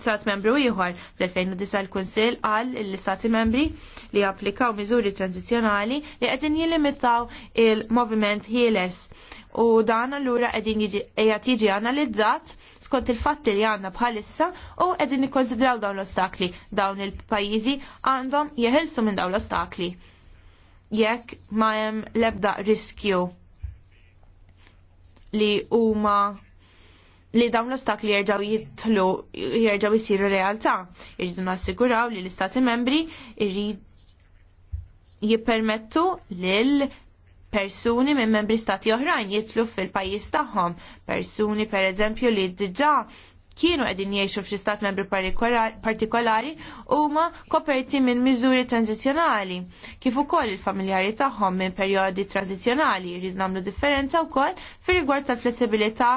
stat membru ieħor fl-2009 il kunsill qal l-istati membri li applikaw miżuri tranzizjonali li qegħdin jilimitaw il-moviment ħieles u dan allura qegħdin qiegħed jiġi analizzat skont il-fatti li għandna bħalissa u qegħdin nikkonsidraw dawn l-ostakli dawn il-pajjiżi għandhom jeħilsu minn dawn l-ostakli jekk ma hemm l-ebda riskju li huma li dawn l-ostakli jerġaw jitlu, jerġaw jisiru realtà. Irridu nassiguraw li l-istati membri irrid jippermettu lil persuni minn membri stati oħrajn jitlu fil-pajjiż tagħhom. Persuni pereżempju li diġà kienu qegħdin jgħixu f'xi stat membri partikolari huma koperti minn miżuri tranzizjonali. Kif ukoll il-familjari tagħhom minn perjodi tranzizjonali jridu nagħmlu differenza wkoll fir-rigward tal-flessibilità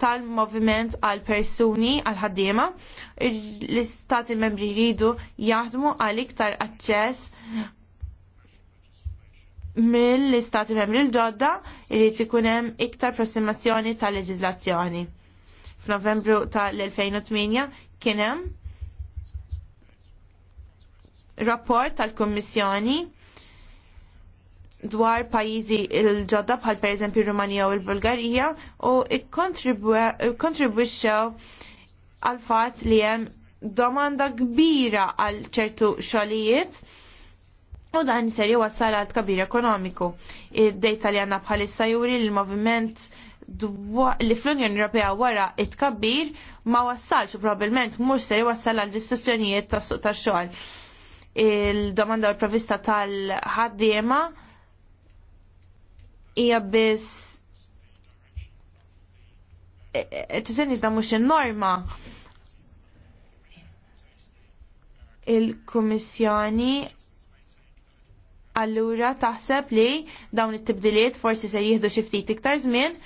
tal-moviment għal persuni għal ħaddiema l-istati membri jridu jaħdmu għal iktar aċċess mill-istati membri l-ġodda jrid ikun hemm iktar prossimazzjoni tal leġiżlazzjoni. F'Novembru tal-2008 kien hemm rapport tal-Kummissjoni dwar pajjiżi il-ġodda bħal eżempju Rumanija u l-Bulgarija u ikkontribwixxew għal fatt li hemm domanda kbira għal ċertu xogħlijiet u dan ser wassal għal kabir ekonomiku. Id-dejta li għandna bħalissa juri l-moviment li fl-Unjoni Ewropea wara it kabir ma wassalx u probabbilment mhux se wassal għal distruzzjonijiet tas-suq tax-xogħol. Il-domanda u l-provista tal-ħaddiema hija biss e, e, e, t-tisin jizda mux norma il-Komissjoni allura taħseb li dawn it-tibdiliet forsi se jieħdu xi ftit iktar żmien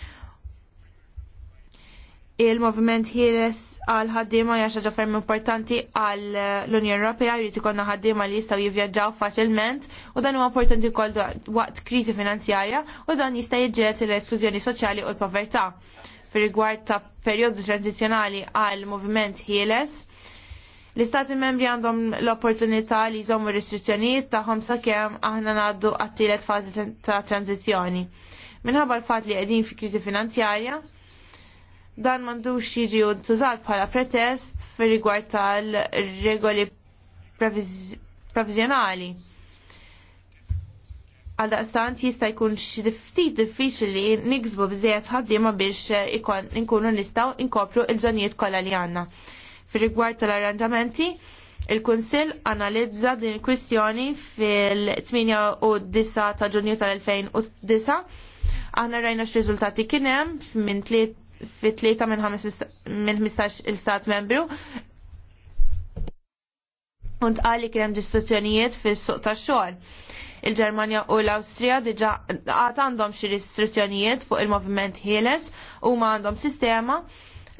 il-moviment ħieles għal ħaddiema hija xaġa ferm importanti għal l-Unjoni Ewropea jrid ikollna ħaddiema li jistgħu jivvjaġġaw faċilment u dan huwa importanti wkoll waqt kriżi finanzjarja u dan jista' jiġġieled l-esklużjoni soċjali u l-povertà. Fir-rigward ta' perjodu tranzizjonali għal moviment ħieles, L-istati membri għandhom l-opportunità li jżommu restrizzjonijiet tagħhom sakemm aħna ngħaddu għat-tielet fażi ta' tranzizzjoni. Minħabba l-fatt li qegħdin fi kriżi finanzjarja, dan mandux jiġi untużat bħala pretest fir rigward tal-regoli provizjonali. Għal daqstant jista' jkun xi ftit diffiċli niksbu bżejjed ħaddiema biex eh, inkunu nistgħu inkopru l-bżonnijiet kollha li għandna. Fir rigward tal-arranġamenti, il-Kunsill analizza din il-kwistjoni fil-8 u 9 ta' Ġunju tal-2009 Aħna rajna x-riżultati kien hemm minn tliet fi tlieta minn 15 il-stat membru. Unt għalli hemm distruzzjonijiet fis suq ta' xogħol. Il-Ġermanja u l-Awstrija diġa għat għandhom xi restrizzjonijiet fuq il-moviment ħieles u ma għandhom sistema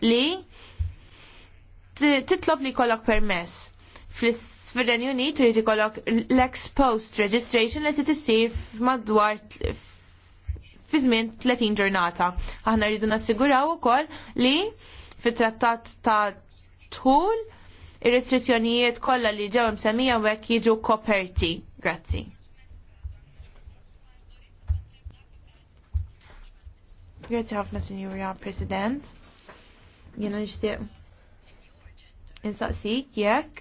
li titlob li kollok permess. Fil-Renju Unit trid ikollok l-ex post registration li titissir madwar fi żmien 30 ġurnata. Aħna rridu nassiguraw ukoll li fit-trattat ta' tħul ir-restrizzjonijiet kollha li ġew msemmija hekk jiġu koperti. Grazzi. Grazzi ħafna, Sinjura President. Jena nixtieq insaqsik jekk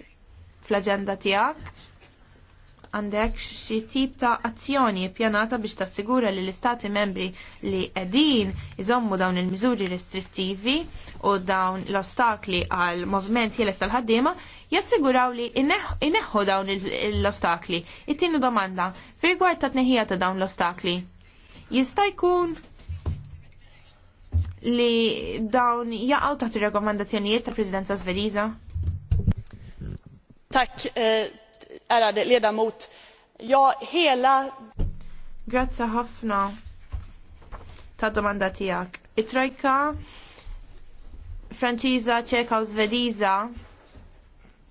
fl-aġenda tiegħek għandek xi tip ta' azzjoni ppjanata biex tassigura li l-istati membri li qegħdin iżommu dawn il-miżuri restrittivi u dawn l-ostakli għal moviment ħieles tal-ħaddiema jassiguraw li ineħħu dawn l-ostakli. It-tieni domanda, fir-rigward ta' tneħija ta' dawn l-ostakli, jista' jkun li dawn jaqgħu taħt ir-rekomandazzjonijiet tal-Presidenza Svediża? Eh, ärade ledamot. Ja, hela... Grazza ħafna ta' domanda tijak. It-trojka Franċiża, Ċeka u Svediża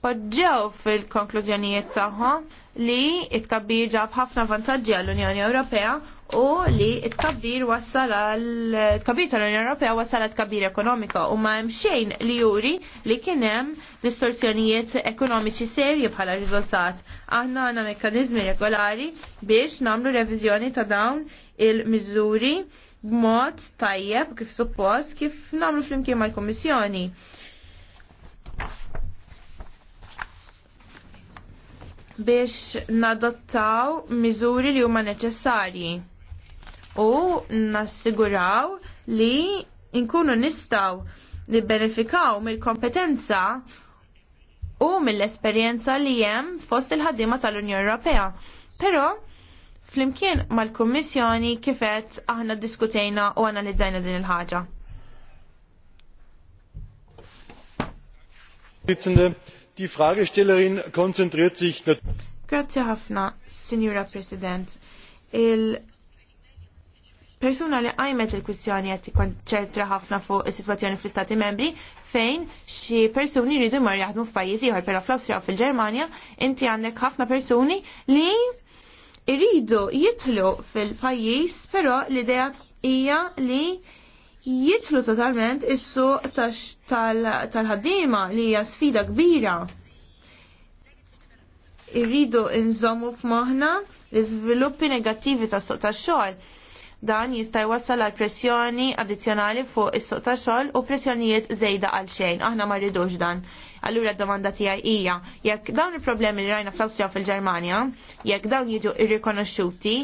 poġġew fil-konklużjonijiet tagħhom li it-kabbir ġab ħafna vantaġġi għall-Unjoni Ewropea u li tkabbir wassal għal tkabbir tal-Unjoni Ewropea wassal għal kabir ekonomika u ma hemm xejn li juri li kien hemm distorsjonijiet ekonomiċi serji bħala riżultat. Aħna għandna mekkaniżmi regolari biex nagħmlu reviżjoni ta' dawn il-miżuri b'mod tajjeb kif suppost kif nagħmlu flimkien mal-Kummissjoni. biex nadottaw miżuri li huma neċessarji u nassiguraw li nkunu nistaw li benefikaw mill-kompetenza u mill-esperjenza li hemm fost il-ħaddiema tal-Unjoni Ewropea. Però flimkien mal-Kummissjoni kifet aħna diskutejna u analizzajna din il-ħaġa. Die Fragestellerin konzentriert sich Grazie ħafna, Signora President. Il persuna li għajmet il-kwistjoni għati konċentra ħafna fuq il-situazzjoni fl-istati membri fejn xi persuni rridu mor jaħdmu f'pajjiż ieħor, però fl austria u fil-Ġermanja inti għandek ħafna persuni li irridu jitlu fil-pajjiż, però l-idea hija li jitlu totalment is-suq tal-ħaddiema li hija sfida kbira. Irridu nżommu f'moħħna l-iżviluppi negattivi tas-suq tax-xogħol Dan jista' jwassal għal pressjoni addizzjonali fuq is-suq ta' xogħol u pressjonijiet żejda għal xejn. Aħna ma rridux dan. Allura d-domanda tiegħi hija jekk dawn il-problemi li rajna fl-Awstrija fil-Ġermanja, jekk dawn jiġu irrikonoxxuti,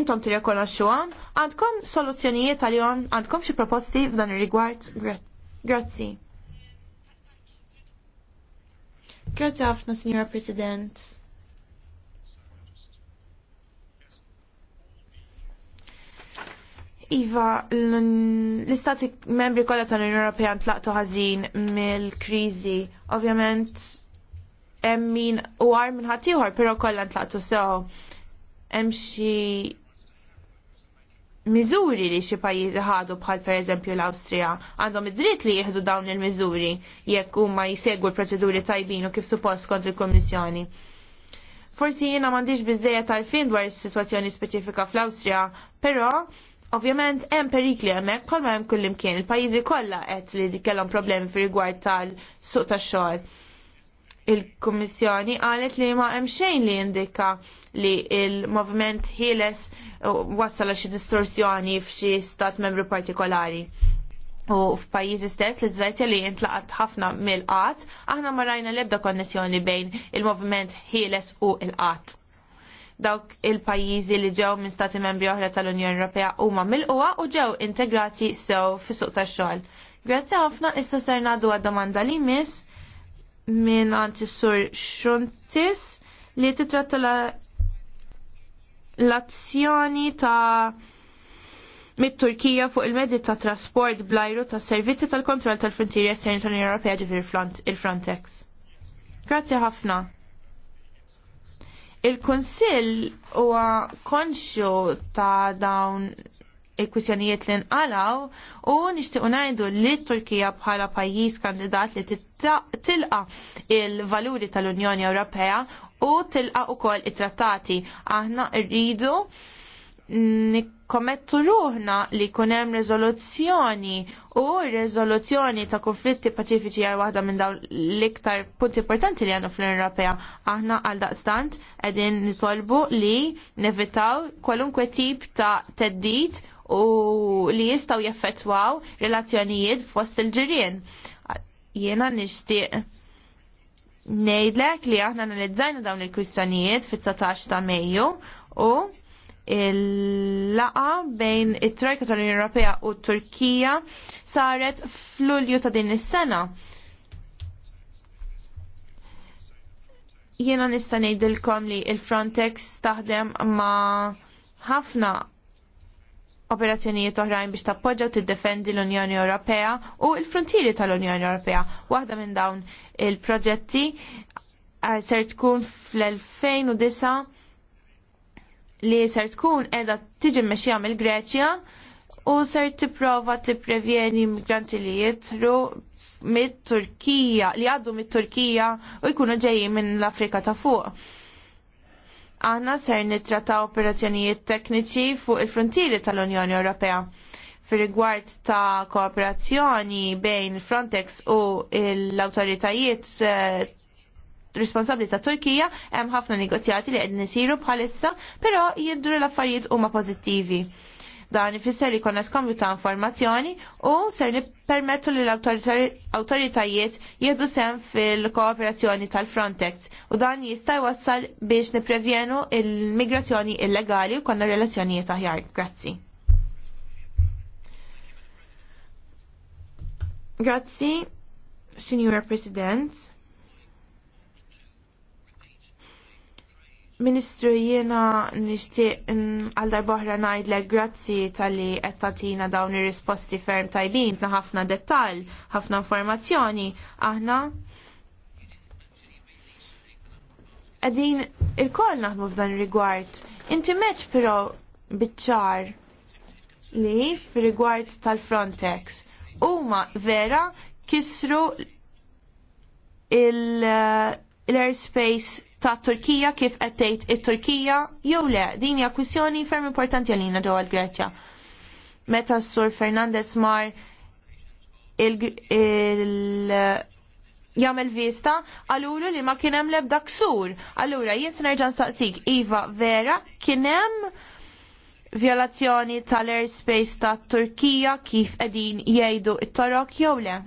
intom tirrikonoxxuhom, għandkom soluzzjonijiet għalihom, għandkom xi proposti f'dan ir-rigward? Grazzi. Grazzi ħafna, Signora President. Iva, l-istati membri kollha tal-Unjoni Ewropea ntlaqtu ħażin mill-kriżi. Ovvjament hemm min u għar minn ħadd ieħor, però kollha ntlaqtu sew. Hemm xi miżuri li xi pajjiżi ħadu bħal pereżempju l-Awstrija għandhom id-dritt li jieħdu dawn il-miżuri jekk huma jsegwu l-proċeduri tajbin u kif suppost kont il-Kummissjoni. Forsi jiena m'għandix biżejjed tal-fin dwar is-sitwazzjoni speċifika fl-Awstrija, però Ovvjament hemm perikli hemmhekk kolma hemm kullimkien il-pajjiżi kollha qed li kellhom problemi fir-rigward tal-suq tax-xogħol. Il-Kummissjoni qalet li ma hemm xejn li jindika li il-moviment ħieles wassal xi distorsjoni f'xi stat membru partikolari. U f'pajjiżi stess li żvezja li jintlaqat ħafna mill-qatt, aħna ma rajna l-ebda konnessjoni bejn il-moviment ħieles u l-qatt dawk il-pajjiżi li ġew minn stati membri oħra tal-Unjoni Ewropea huma mill-qwa u ġew integrati sew fis-suq tax-xogħol. Grazzi ħafna issa ser ngħaddu għad-domanda li miss minn is sur Xuntis li titratta l-azzjoni ta' mit-Turkija fuq il-mezzi ta' trasport blajru ta' servizzi tal-kontroll tal-frontieri estern tal-Unjoni Ewropea ġifir il-Frontex. Grazzi ħafna. Il-Kunsill huwa konxju ta' dawn il-kwissjonijiet li nqalaw u nixtiequ ngħidu li Turkija bħala pajjiż kandidat li tilqa il-valuri tal-Unjoni Ewropea u tilqa ukoll it-trattati. Aħna rridu nikkommettu ruħna li kunem rezoluzzjoni u rezoluzzjoni ta' konflitti paċifiċi għal waħda minn dawn l-iktar punti importanti li għandu fl-Unjoni Ewropea. Aħna għal daqstant qegħdin nisolbu li nevitaw kwalunkwe tip ta' teddit u li jistaw jaffettwaw relazzjonijiet fost il-ġirien. Jena nixtieq ngħidlek li aħna nalizzajna dawn il-kwistjonijiet fit-19 ta' Mejju u il-laqa bejn it-Trojka tal-Unjoni Ewropea u t Turkija saret f'Lulju ta' din is-sena. Jiena nista' ngħidilkom li il-Frontex taħdem ma' ħafna operazzjonijiet oħrajn biex tappoġġa u tiddefendi l-Unjoni Ewropea u l-frontieri tal-Unjoni Ewropea. Waħda minn dawn il-proġetti eh, ser tkun fl-2009 li ser tkun edha tiġi meċja mill greċja u ser tipprova tiprevjeni migranti li jitru mit-Turkija, li għaddu mit-Turkija u jkunu ġejjin minn l-Afrika ta' fuq. Aħna ser nitrata operazzjonijiet tekniċi fuq il-frontieri tal-Unjoni Ewropea fir rigward ta' kooperazzjoni bejn Frontex u l-autoritajiet eh, responsabbli ta' Turkija, hemm ħafna negozjati li qegħdin isiru bħalissa, però jidru l-affarijiet huma pożittivi. Dan ifisser li konna skambju ta' informazzjoni u ser permettu li l-autoritajiet jieħdu sem fil-kooperazzjoni tal-Frontex u dan jista' jwassal biex niprevjenu il-migrazzjoni illegali u konna relazzjonijiet aħjar. Grazzi. Grazzi, Signora President. Ministru jiena nixtieq għal darbohra ngħidlek grazzi tal-li qed dawni dawn ir-risposti ferm tajbin ta' ħafna dettal, ħafna informazzjoni. Aħna qegħdin il-koll naħdmu f'dan rigward Inti meċ però biċ-ċar li f'rigward tal-Frontex huma vera kisru il-airspace ta' Turkija kif qed tgħid it-Turkija jew le din hija kwistjoni ferm importanti għalina ġewwa l-Greċja. Meta s-Sur Fernandez mar il- jagħmel vista għalulu li ma kien hemm l-ebda ksur. Allura jien se nerġa' nsaqsik iva vera kien hemm violazzjoni tal-airspace ta' Turkija kif qegħdin jgħidu t torok jew le?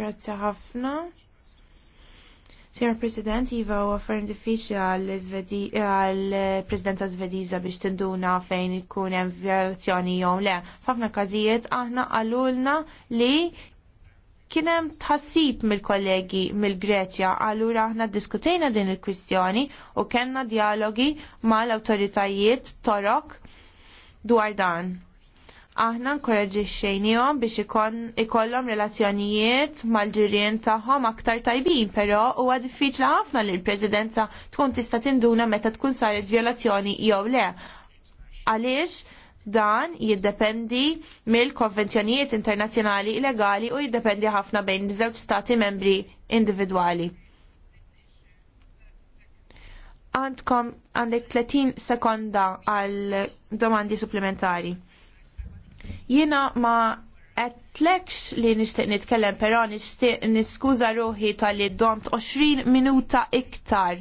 Grazzi ħafna. Signor President, Iva u għaffarin diffiċli għal-Presidenza Zvediza biex tinduna fejn ikun hemm violazzjoni jew le. F'ħafna każijiet aħna għallulna li kien hemm tħassib mill-kollegi mill-Greċja, allura aħna ddiskutejna din il-kwistjoni u kellna dialogi mal-awtoritajiet torok dwar dan aħna nkoraġi xejnijom biex ikollhom relazzjonijiet mal-ġirien tagħhom aktar tajbin, però huwa diffiċli ħafna li l-Presidenza tkun tista' tinduna meta tkun saret violazzjoni jew le. Għaliex dan jiddependi mill-konvenzjonijiet internazzjonali illegali u jiddependi ħafna bejn żewġ stati membri individwali. Għandkom għandek 30 sekonda għal domandi supplementari. Jiena ma għetlekx li nishtiq nitkellem, pero nishtiq niskuza ruħi tal-li domt 20 minuta iktar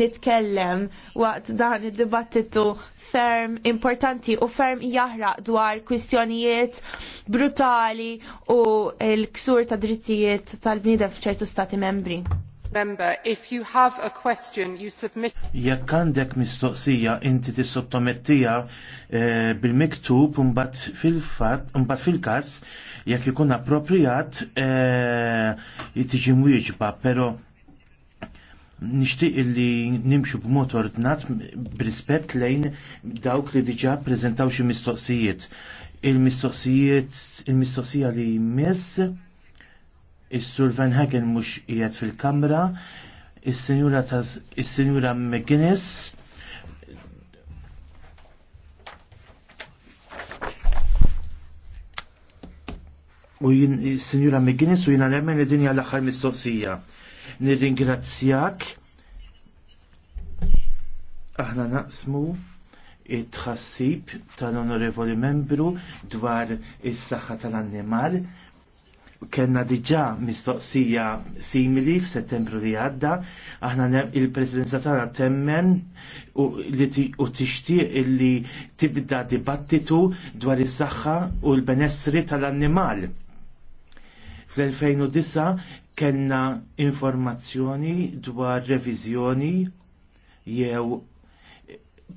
nitkellem waqt dan id-dibattitu ferm importanti u ferm jahraq dwar kwistjonijiet brutali u l-ksur ta' drittijiet tal-bnidem f'ċertu stati membri if you have a question, you submit... Jekk għandek mistoqsija, inti tissottomettija eh, bil-miktub mbagħad fil każ jekk ikun appropriat eh, tiġi mwieġba, però nixtieq li nimxu b'mod ordnat b'rispett lejn dawk li diġà preżentaw xi mistoqsijiet. Il-mistoqsijiet, il-mistoqsija li jmiss Is-Sur Van Hagen mhux qiegħed fil-Kamra, is-Sinjura is-Sinjura McGuinness u jien is-Sinjura McGuinness u jiena nemmen li dinja l-aħħar mistoqsija. Nirringrazzjak aħna naqsmu it-tħassib tal-onorevoli membru dwar is-saħħa tal-annimal kena diġa mistoqsija simili f'Settembru li għadda, aħna il-Presidenza tagħna temmen u li tixtieq li tibda dibattitu dwar is-saħħa u l-benessri tal-annimal. Fl-2009 kellna informazzjoni dwar revizjoni jew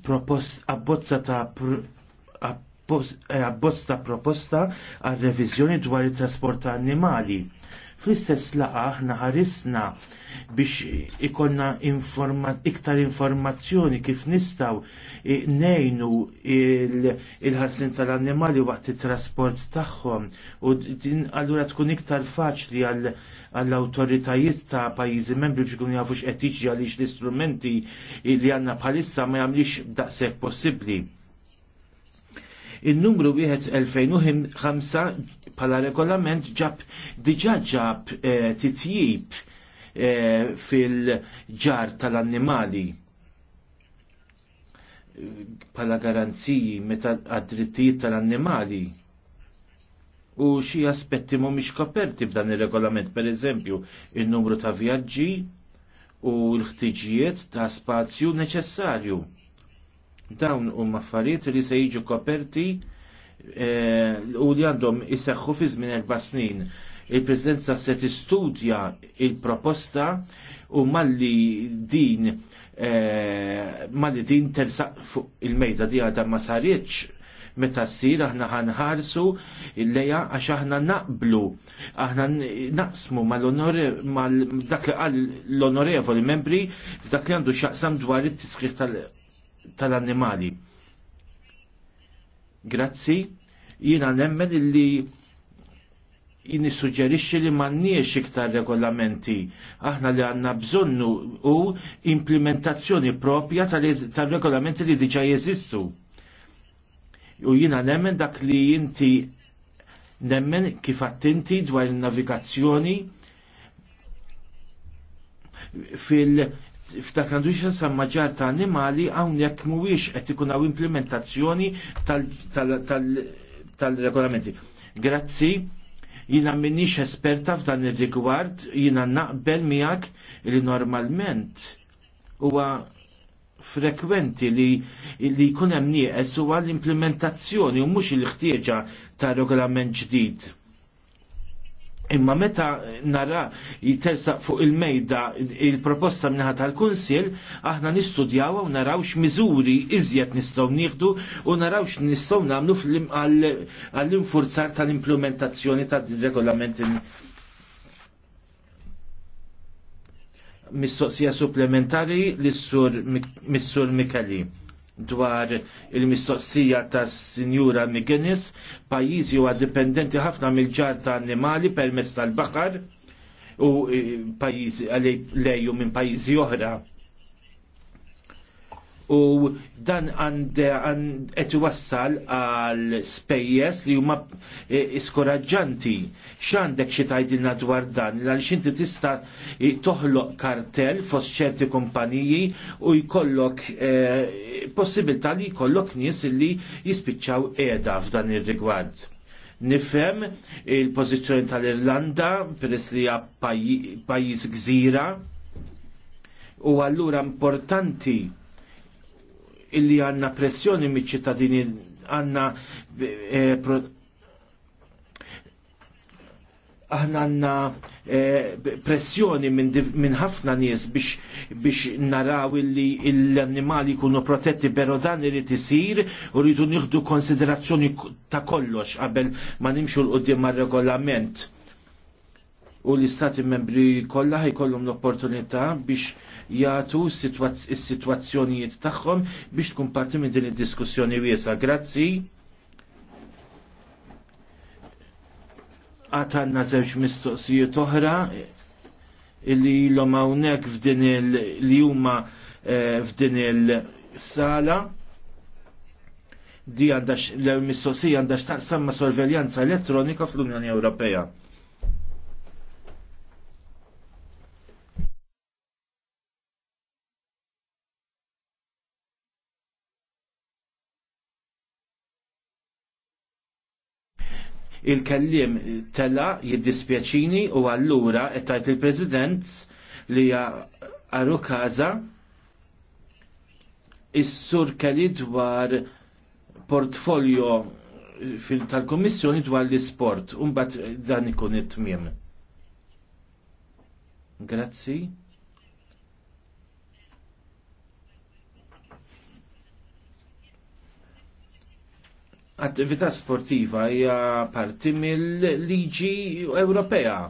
propost abbozza ta' bosta eh, proposta għal reviżjoni dwar it-trasport ta' annimali. Fl-istess laqa aħna ħarisna biex ikonna informa iktar informazzjoni kif nistaw eh, nejnu il-ħarsin il ħarsin tal annimali waqt it-trasport tagħhom u din allura tkun iktar faċli għal għall-autoritajiet ta' pajjiżi membri biex ikunu jafu x'qed jiġi għaliex l-istrumenti li għandna bħalissa ma jagħmlux daqshekk possibbli Il-numru wieħed 2005 bħala regolament ġab diġà ġab eh, titjib eh, fil-ġar tal-annimali bħala garanziji meta għad-drittijiet tal-annimali u xi aspetti mhumiex koperti b'dan ir-regolament, pereżempju, in numru ta' vjaġġi u l-ħtiġijiet ta' spazju neċessarju Dawn huma affarijiet li se jiġu koperti eh, u li għandhom jisaxħu fi żmien erba' snin il-Presidenza se tistudja il-proposta u malli din eh, malli din tersaq fuq il-mejda di għadha ma sarietx meta ssir aħna ħanħarsu il-leja għax aħna naqblu aħna naqsmu mal dak li l-onorevoli membri f'dak li għandu xaqsam dwar it-tisħiħ tal- tal-annimali. Grazzi, jina nemmen illi jini suġġerixxi li m'għandniex iktar regolamenti. Aħna li għandna bżonnu u implementazzjoni propja tal-regolamenti li diġa jeżistu. U jina nemmen dak li inti nemmen kif attinti dwar il-navigazzjoni fil- f'dak għandu jxasam maġġar ta' animali hawnhekk mhuwiex qed ikun hawn implementazzjoni tal-regolamenti. Grazzi, jina minnix esperta f'dan ir-rigward, jina naqbel miegħek li normalment huwa frekwenti li li jkun hemm nieqes huwa l-implementazzjoni u mhux il-ħtieġa ta' regolament ġdid Imma meta nara jitelsaq fuq il-mejda il-proposta minnaħat tal-Kunsil, aħna nistudjaw u naraw x-mizuri iżjed nistgħu nieħdu u naraw x'nistgħu nagħmlu għall-infurzar tal-implementazzjoni tad-regolament mistoqsija supplementari l-sur Mikali dwar il-mistoqsija tas sinjura McGuinness, pajjiżi huwa dipendenti ħafna mill-ġar ta' annimali permezz tal-baħar u eh, pajjiżi għalej lejju minn pajjiżi oħra u dan għand qed iwassal għal spejjes li huma e, iskoraġġanti. X'għandek xi tajdilna dwar dan għal xinti tista' toħloq kartell fost ċerti kumpaniji u jkollok e, possibilità li jkollok nies li jispiċċaw qiegħda f'dan ir-rigward. Nifhem il-pożizzjoni tal-Irlanda peress li hija pajjiż gżira u allura importanti illi għanna pressjoni miċ ċittadini għanna eh, aħna għanna eh, pressjoni minn ħafna nies biex biex naraw li l-annimali kunu protetti pero dan irid isir u rridu nieħdu konsiderazzjoni ta' kollox qabel ma nimxu l-qudiem regolament U l-istati membri kollha ħajkollhom l-opportunità biex jagħtu s-sitwazzjonijiet tagħhom biex tkun parti minn din id-diskussjoni wiesa. Grazzi. Għatanna żewġ mistoqsijiet oħra illi l-om hawnhekk f'din il-li huma eh, f'din il-sala di għandax l-mistoqsija għandax taqsam ma' sorveljanza elettronika fl-Unjoni Ewropea. il-kellim tela jiddispjaċini u allura qed il-President li għarru kaza is-sur kelli dwar portfolio tal-Kommissjoni dwar l-isport, un bat dan ikun it-tmiem. Grazzi. attività sportiva hija parti mill-liġi Ewropea.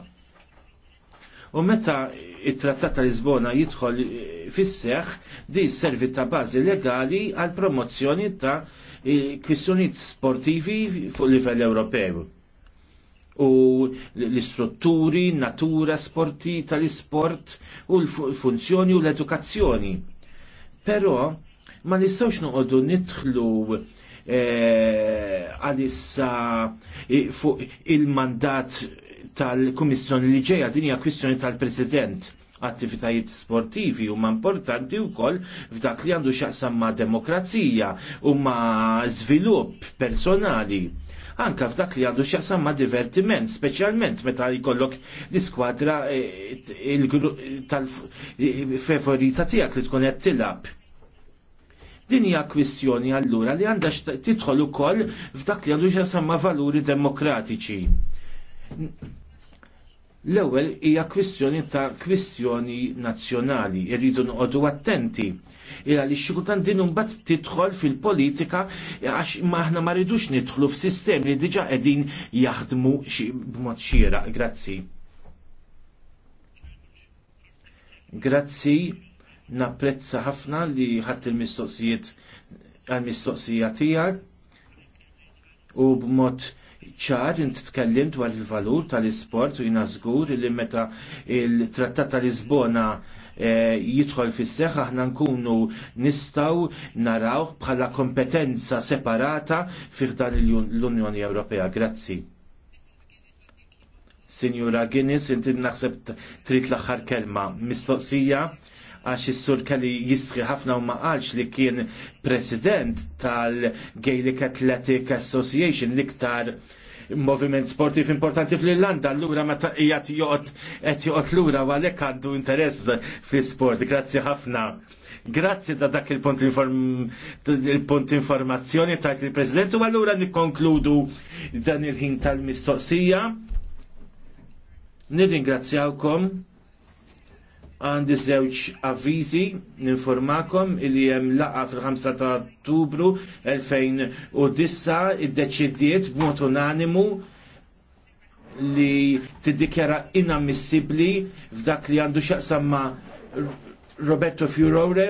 U meta it-Trattat ta' Lisbona jidħol fis-seħħ di servi ta' bażi legali għal promozzjoni ta' kwistjonijiet sportivi fuq livell Ewropew. U l-istrutturi, natura sporti tal-isport u l-funzjoni u l-edukazzjoni. Però ma nistgħux noqogħdu nidħlu Eh, għalissa fuq il-mandat tal-Kummissjoni li ġeja din hija kwistjoni tal-President attivitajiet sportivi huma importanti wkoll f'dak li għandu x'aqsam ma' demokrazija u ma' żvilupp personali. Anka f'dak li għandu x'aqsam ma' divertiment, speċjalment meta jkollok l-iskwadra eh, tal-favorita tiegħek li tkun qed tilab Din hija kwistjoni allura li għandha tidħol ukoll f'dak li għandu xasamma valuri demokratiċi. L-ewwel hija kwistjoni ta' kwistjoni nazzjonali, irridu noqogħdu attenti. Ila li xikultant din imbagħad tidħol fil-politika għax maħna ma rridux nidħlu f'sistemi li diġà qegħdin jaħdmu b'mod xieraq. Grazzi. Grazzi napprezza ħafna li ħadd il-mistoqsijiet għal-mistoqsija tiegħek u b'mod ċar int tkellim dwar il-valur tal-isport u jina żgur li meta il-Trattat tal-Lisbona eh, jidħol fis seħħ aħna nkunu nistgħu naraw bħala kompetenza separata fi dan l-Unjoni Ewropea. Grazzi. Sinjura Guinness, inti naħseb trid l-aħħar kelma. Mistoqsija għax is-sur kelli jistri ħafna u maqalx li kien president tal-Gaelic Athletic Association liktar moviment sportiv importanti fl-Irlanda, allura ma taqijat joqot, et joqot l-ura għalek għandu interess fl-sport. Grazzi ħafna. Grazzi da dak il-punt il informazzjoni tajt il-President u għallura nikkonkludu dan il-ħin tal-mistoqsija. Nirringrazzjawkom għandi żewġ avvizi ninformakom illi hemm laqa fil-5 ta' Ottubru 2009 iddeċidiet b'mod unanimu li tiddikjara inammissibbli f'dak li għandu x'aqsam ma' Roberto Fiorore